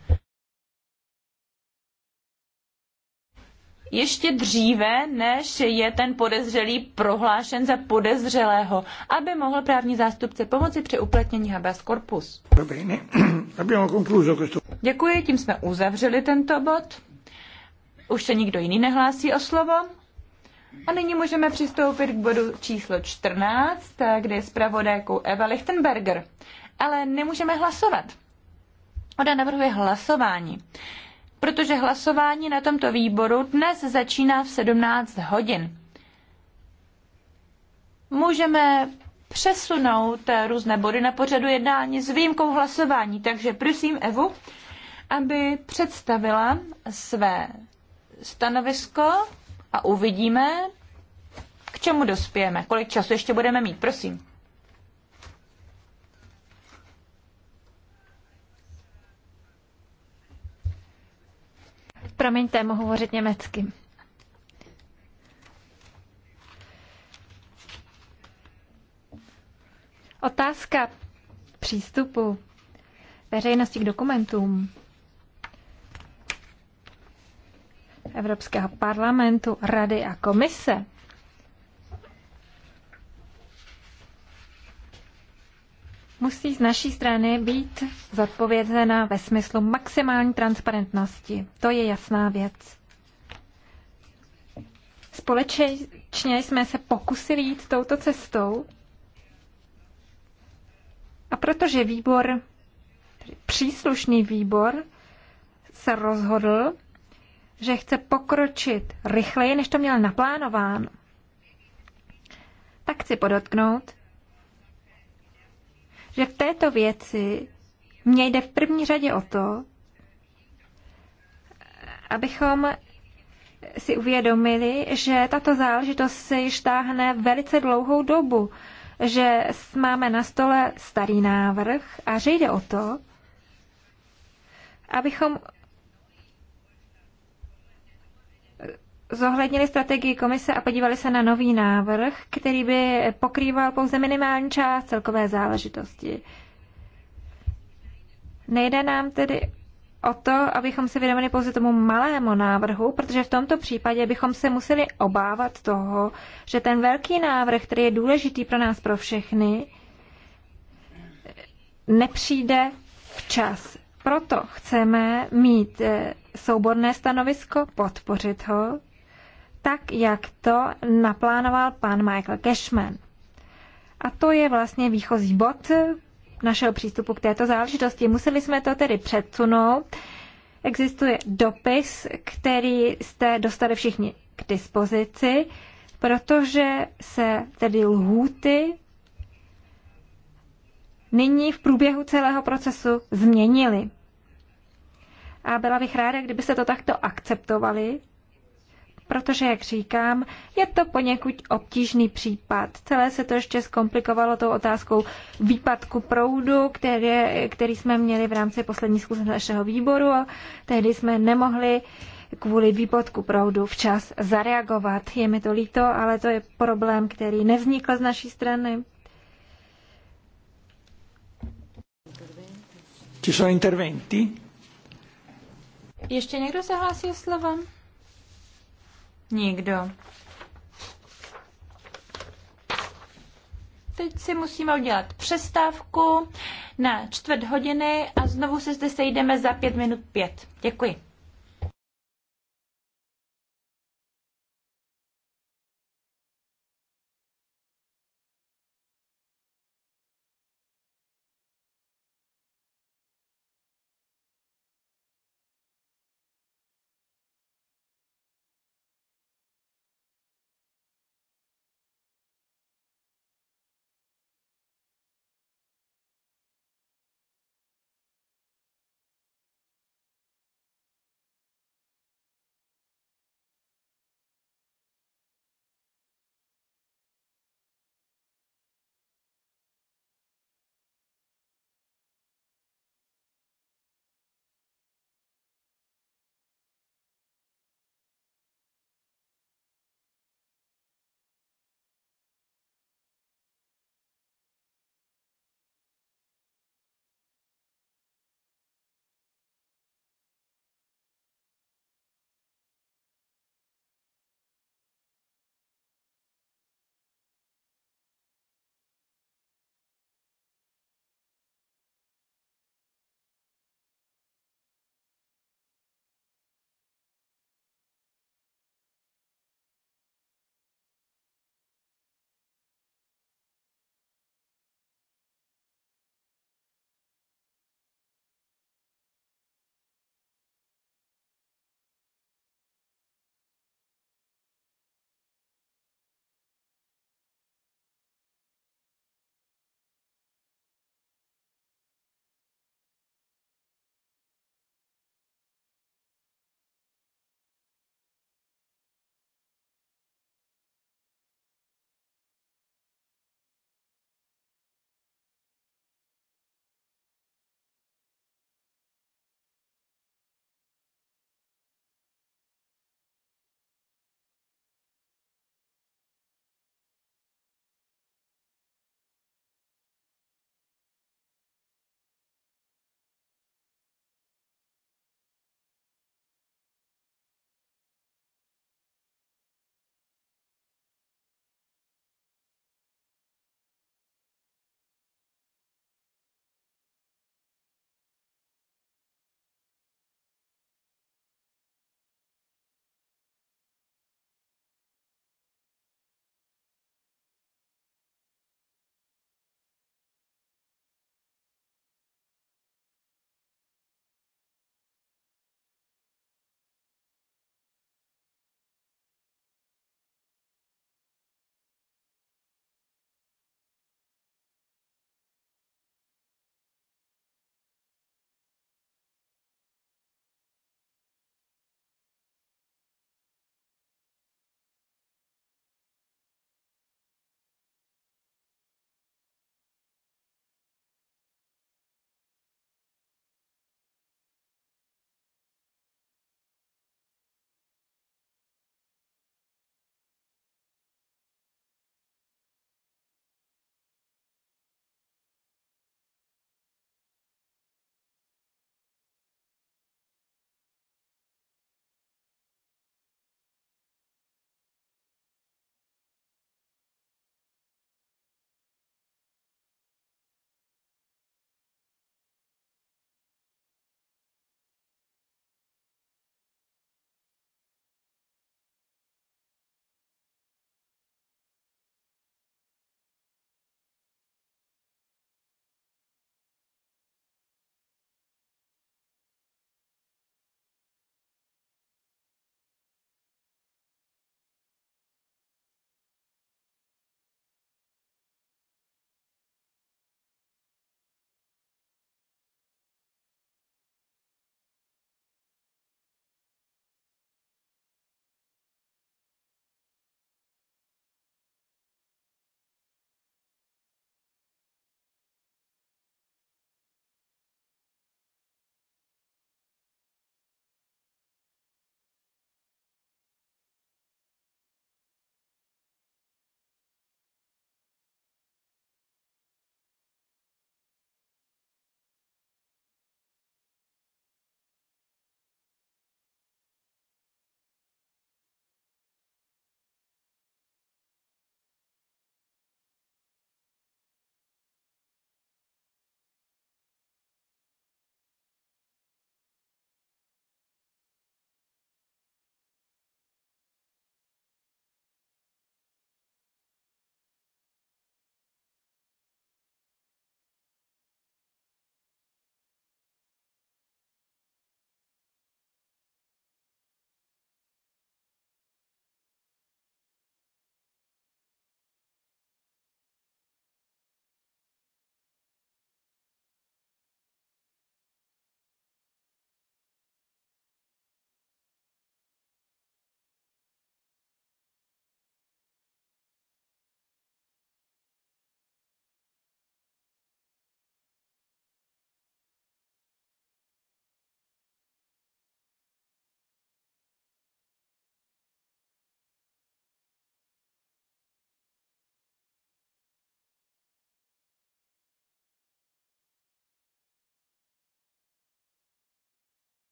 ještě dříve, než je ten podezřelý prohlášen za podezřelého, aby mohl právní zástupce pomoci při uplatnění habeas corpus. Děkuji, tím jsme uzavřeli tento bod. Už se nikdo jiný nehlásí o slovo. A nyní můžeme přistoupit k bodu číslo 14, kde je zpravodajkou Eva Lichtenberger. Ale nemůžeme hlasovat. Oda navrhuje hlasování protože hlasování na tomto výboru dnes začíná v 17 hodin. Můžeme přesunout různé body na pořadu jednání s výjimkou hlasování, takže prosím Evu, aby představila své stanovisko a uvidíme, k čemu dospějeme, kolik času ještě budeme mít, prosím. Promiňte, mohu hovořit německy. Otázka přístupu veřejnosti k dokumentům Evropského parlamentu, Rady a Komise musí z naší strany být zodpovězena ve smyslu maximální transparentnosti. To je jasná věc. Společně jsme se pokusili jít touto cestou a protože výbor, příslušný výbor, se rozhodl, že chce pokročit rychleji, než to měl naplánován. tak chci podotknout, že v této věci mně jde v první řadě o to, abychom si uvědomili, že tato záležitost se již táhne velice dlouhou dobu, že máme na stole starý návrh a že jde o to, abychom zohlednili strategii komise a podívali se na nový návrh, který by pokrýval pouze minimální část celkové záležitosti. Nejde nám tedy o to, abychom se vědomili pouze tomu malému návrhu, protože v tomto případě bychom se museli obávat toho, že ten velký návrh, který je důležitý pro nás, pro všechny, nepřijde včas. Proto chceme mít eh, souborné stanovisko, podpořit ho tak, jak to naplánoval pan Michael Cashman. A to je vlastně výchozí bod našeho přístupu k této záležitosti. Museli jsme to tedy předsunout. Existuje dopis, který jste dostali všichni k dispozici, protože se tedy lhůty nyní v průběhu celého procesu změnily. A byla bych ráda, kdyby se to takto akceptovali, protože, jak říkám, je to poněkud obtížný případ. Celé se to ještě zkomplikovalo tou otázkou výpadku proudu, který, který jsme měli v rámci poslední zkuze našeho výboru. Tehdy jsme nemohli kvůli výpadku proudu včas zareagovat. Je mi to líto, ale to je problém, který nevznikl z naší strany. Ci sono interventi? Ještě někdo se hlásí slovem? Nikdo. Teď si musíme udělat přestávku na čtvrt hodiny a znovu se zde sejdeme za pět minut pět. Děkuji.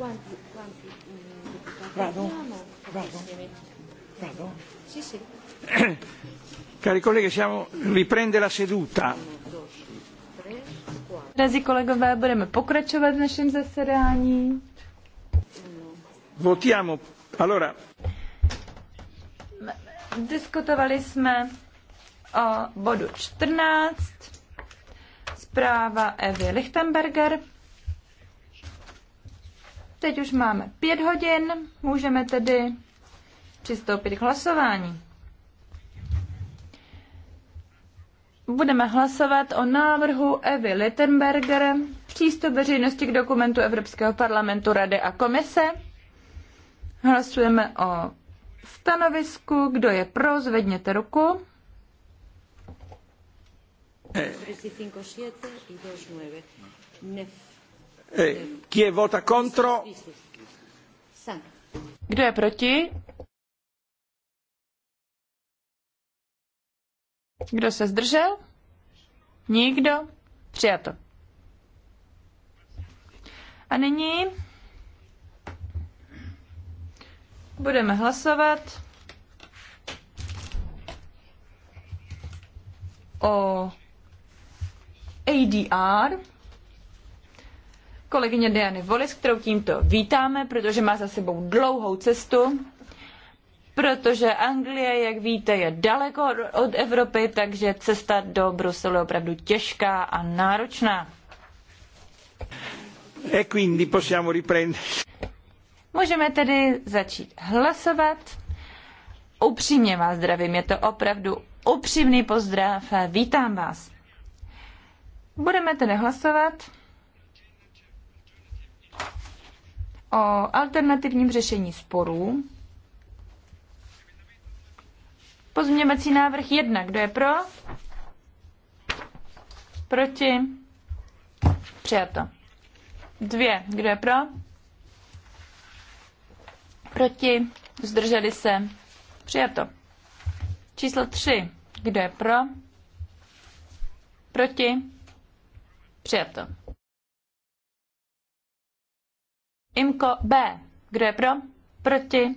Quanti, quanti mh, mm, deputati Vado. abbiamo? Vado. Vado. Sì, sì. Cari colleghi, siamo, riprende la seduta. Drazí kolegové, budeme pokračovat v našem zasedání. Votiamo. Allora. Diskutovali jsme o bodu 14, zpráva Evy Lichtenberger. Teď už máme pět hodin, můžeme tedy přistoupit k hlasování. Budeme hlasovat o návrhu Evy Littenberger, přístup veřejnosti k dokumentu Evropského parlamentu, Rady a Komise. Hlasujeme o stanovisku. Kdo je pro, zvedněte ruku. Nef. Kdo eh, je vota contro? Kdo proti? Kdo se zdržel? Nikdo? Přijato. A nyní budeme hlasovat o ADR, kolegyně Diany Volis, kterou tímto vítáme, protože má za sebou dlouhou cestu, protože Anglie, jak víte, je daleko od Evropy, takže cesta do Bruselu je opravdu těžká a náročná. E quindi possiamo riprendere. Můžeme tedy začít hlasovat. Upřímně vás zdravím, je to opravdu upřímný pozdrav, vítám vás. Budeme tedy hlasovat. o alternativním řešení sporů. Pozměňovací návrh 1. Kdo je pro? Proti? Přijato. 2. Kdo je pro? Proti? Zdrželi se? Přijato. Číslo tři. Kdo je pro? Proti? Přijato. Imko B. Kdo je pro? Proti?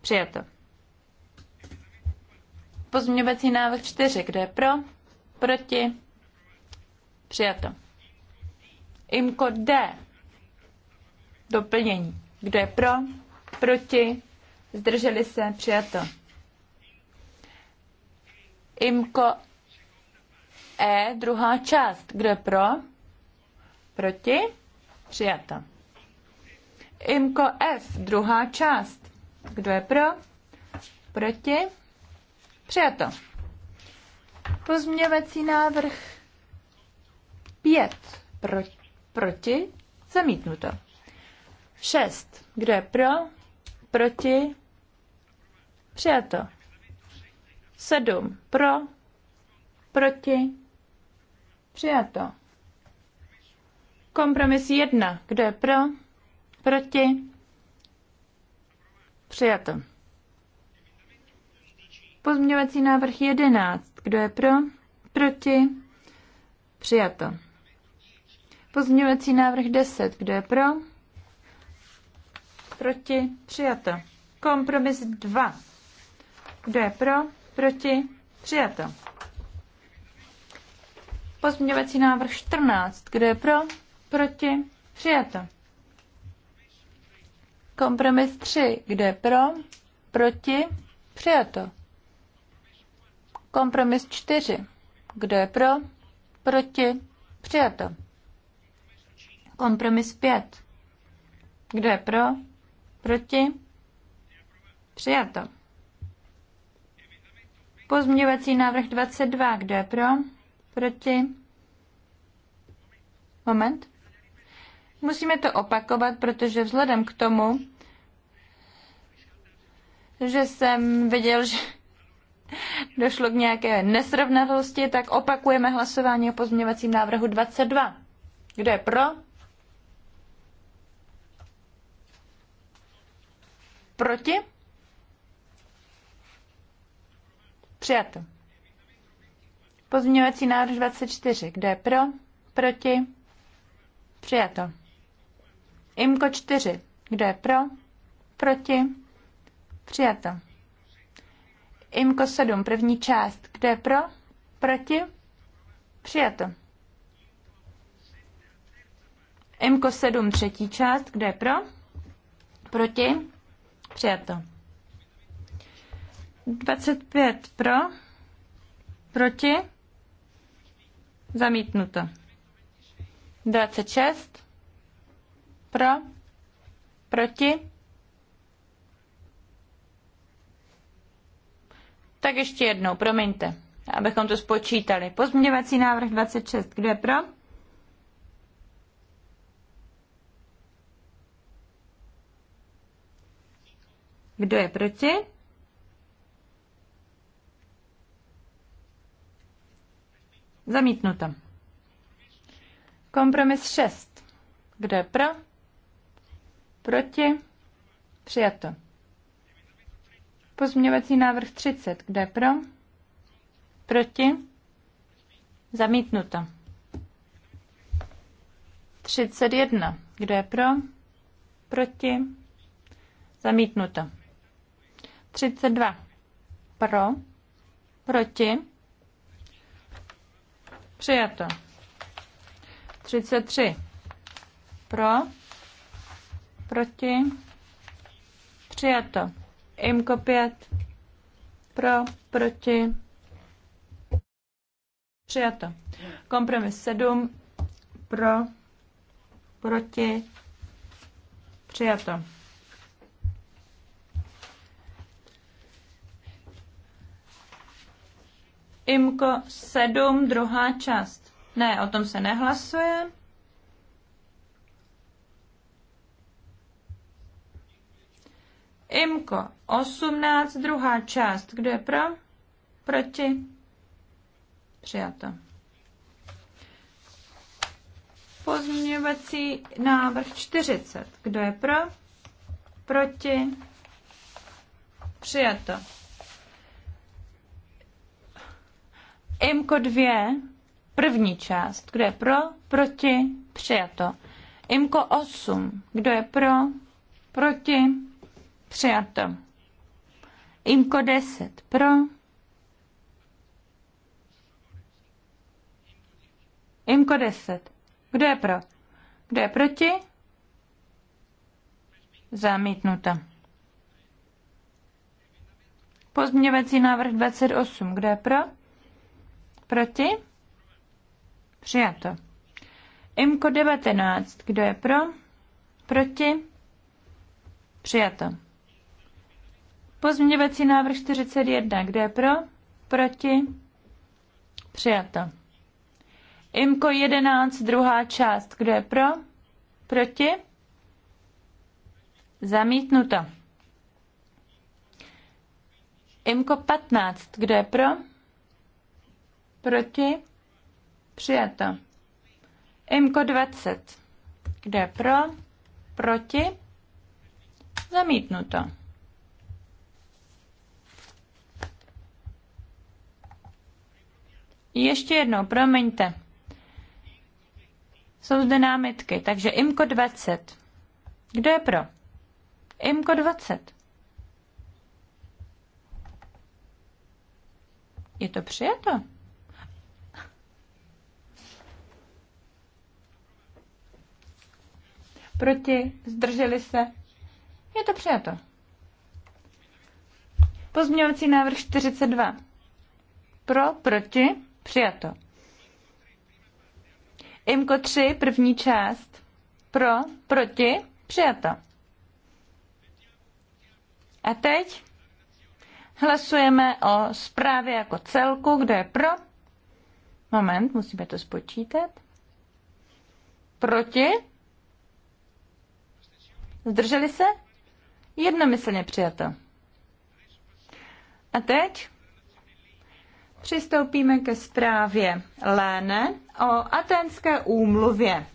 Přijato. Pozměňovací návrh 4. Kdo je pro? Proti? Přijato. Imko D. Doplnění. Kdo je pro? Proti? Zdrželi se? Přijato. Imko E, druhá část. Kdo je pro? Proti? Přijato. Imko F, druhá část. Kdo je pro? Proti? Přijato. Pozměňovací návrh 5 pro, proti, zamítnuto. 6. Kdo je pro? Proti? Přijato. 7. Pro? Proti? Přijato. Kompromis 1. Kdo je pro? Proti? Přijato. Pozměňovací návrh 11. Kdo je pro? Proti? Přijato. Pozměňovací návrh 10. Kdo je pro? Proti? Přijato. Kompromis 2. Kdo je pro? Proti? Přijato. Pozměňovací návrh 14. Kdo je pro? Proti? Přijato. Kompromis 3. Kde pro? Proti? Přijato. Kompromis 4. Kde pro? Proti? Přijato. Kompromis 5. Kde pro? Proti? Přijato. Pozměňovací návrh 22. Kde pro? Proti? Moment. Musíme to opakovat, protože vzhledem k tomu, že jsem viděl, že došlo k nějaké nesrovnalosti, tak opakujeme hlasování o pozměňovacím návrhu 22. Kdo je pro? Proti? Přijato. Pozměňovací návrh 24. Kdo je pro? Proti? Přijato. Imko 4. Kdo je pro? Proti? Přijato. Imko 7. První část. Kdo je pro? Proti? Přijato. Imko 7. Třetí část. Kdo je pro? Proti? Přijato. 25 pro, proti, zamítnuto. 26 pro? Proti? Tak ještě jednou, promiňte, abychom to spočítali. Pozměňovací návrh 26, kdo je pro? Kdo je proti? Zamítnuto. Kompromis 6. Kdo je pro? Proti? Přijato. Pozměňovací návrh 30. Kde je pro? Proti? Zamítnuto. 31. Kdo je pro? Proti? Zamítnuto. 32. Pro? Proti? Přijato. 33. Pro? Proti? Přijato. IMKO 5. Pro, proti? Přijato. Kompromis 7. Pro, proti? Přijato. IMKO 7, druhá část. Ne, o tom se nehlasuje. Imko 18, druhá část. Kdo je pro? Proti? Přijato. Pozměňovací návrh 40. Kdo je pro? Proti? Přijato. Imko 2, první část. Kdo je pro? Proti? Přijato. Imko 8. Kdo je pro? Proti? Přijato. Imko 10 pro. Imko 10. Kdo je pro? Kdo je proti? Zamítnuta. Pozměňovací návrh 28. Kdo je pro? Proti? Přijato. IMKO 19. Kdo je pro? Proti? Přijato. Pozměňovací návrh 41. Kdo je pro? Proti? Přijato. Imko 11, druhá část. Kdo je pro? Proti? Zamítnuto. Imko 15. Kdo je pro? Proti? Přijato. Imko 20. Kdo je pro? Proti? Zamítnuto. Ještě jednou, promiňte. Jsou zde námitky, takže IMKO 20. Kdo je pro? IMKO 20. Je to přijato? Proti? Zdrželi se? Je to přijato. Pozměňovací návrh 42. Pro, proti? Přijato. Imko 3, první část. Pro, proti, přijato. A teď hlasujeme o zprávě jako celku, kdo je pro. Moment, musíme to spočítat. Proti. Zdrželi se? Jednomyslně přijato. A teď přistoupíme ke zprávě Léne o aténské úmluvě.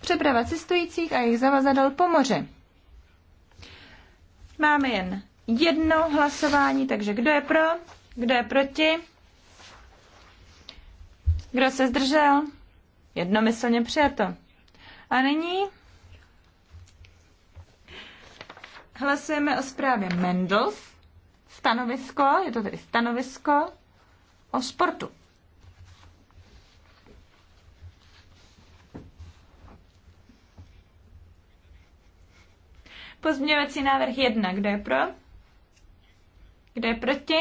Přeprava cestujících a jejich zavazadel po moři. Máme jen jedno hlasování, takže kdo je pro, kdo je proti, kdo se zdržel, jednomyslně přijato. A nyní hlasujeme o zprávě Mendels stanovisko, je to tedy stanovisko o sportu. Pozměňovací návrh 1. Kdo je pro? Kdo je proti?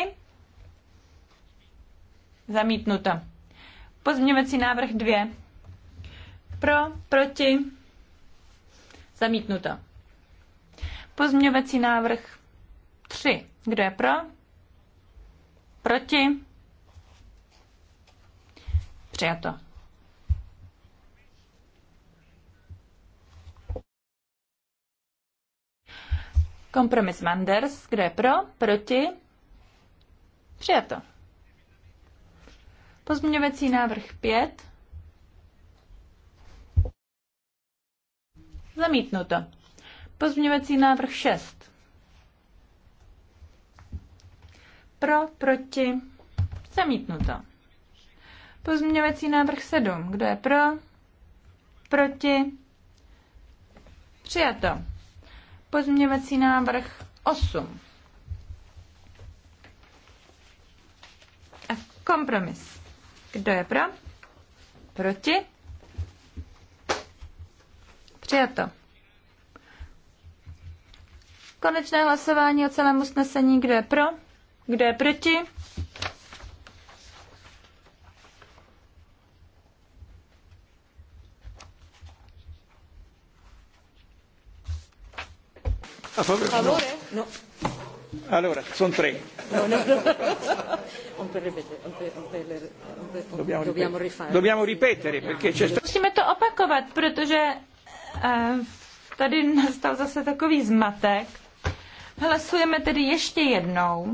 Zamítnuto. Pozměňovací návrh 2. Pro, proti, zamítnuto. Pozměňovací návrh 3. Kdo je pro? Proti? Přijato. Kompromis Manders. Kdo je pro? Proti? Přijato. Pozměňovací návrh 5. Zamítnuto. Pozměňovací návrh 6. Pro, proti, zamítnuto. Pozměňovací návrh 7. Kdo je pro? Proti? Přijato. Pozměňovací návrh 8. A kompromis. Kdo je pro? Proti? Přijato. Konečné hlasování o celém usnesení. Kdo je pro? Kdo je proti? A ah, favore? No. A favore? No. Allora, sono tre. No, no, no. dobbiamo, ripetere. perché c'è... Musíme to opakovat, protože eh, tady nastal zase takový zmatek. Hlasujeme tedy ještě jednou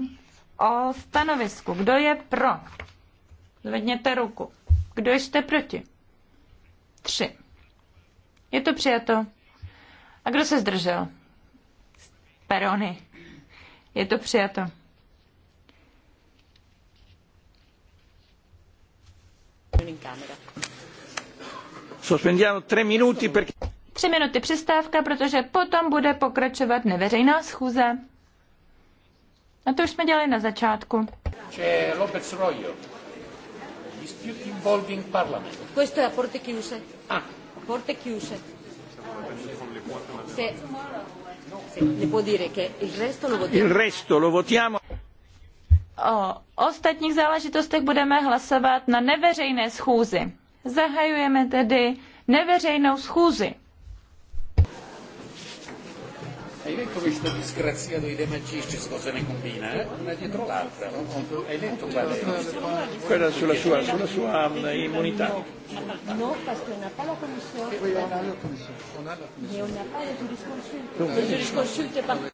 o stanovisku. Kdo je pro? Zvedněte ruku. Kdo jste proti? Tři. Je to přijato. A kdo se zdržel? Perony. Je to přijato. Sospendiamo tre minuti perché... Tři minuty přestávka, protože potom bude pokračovat neveřejná schůze. A to už jsme dělali na začátku. López Royo. Dispute involving parliament. Questo è a porte chiuse. Ah. Porte chiuse. Se, se Ne. può dire che il resto lo votiamo. Il resto lo votiamo. O ostatních záležitostech budeme hlasovat na neveřejné schůzi. Zahajujeme tedy neveřejnou schůzi. Hai letto questa disgrazia dei De Magistris cosa ne combina? Eh? Una dietro l'altra, no? Hai letto qual è? Quella sulla sua, sulla sua immunità. No, perché non ha pas la commissione. Non ha la commissione. Non ha la commissione. Non ha la commissione. Non ha la commissione.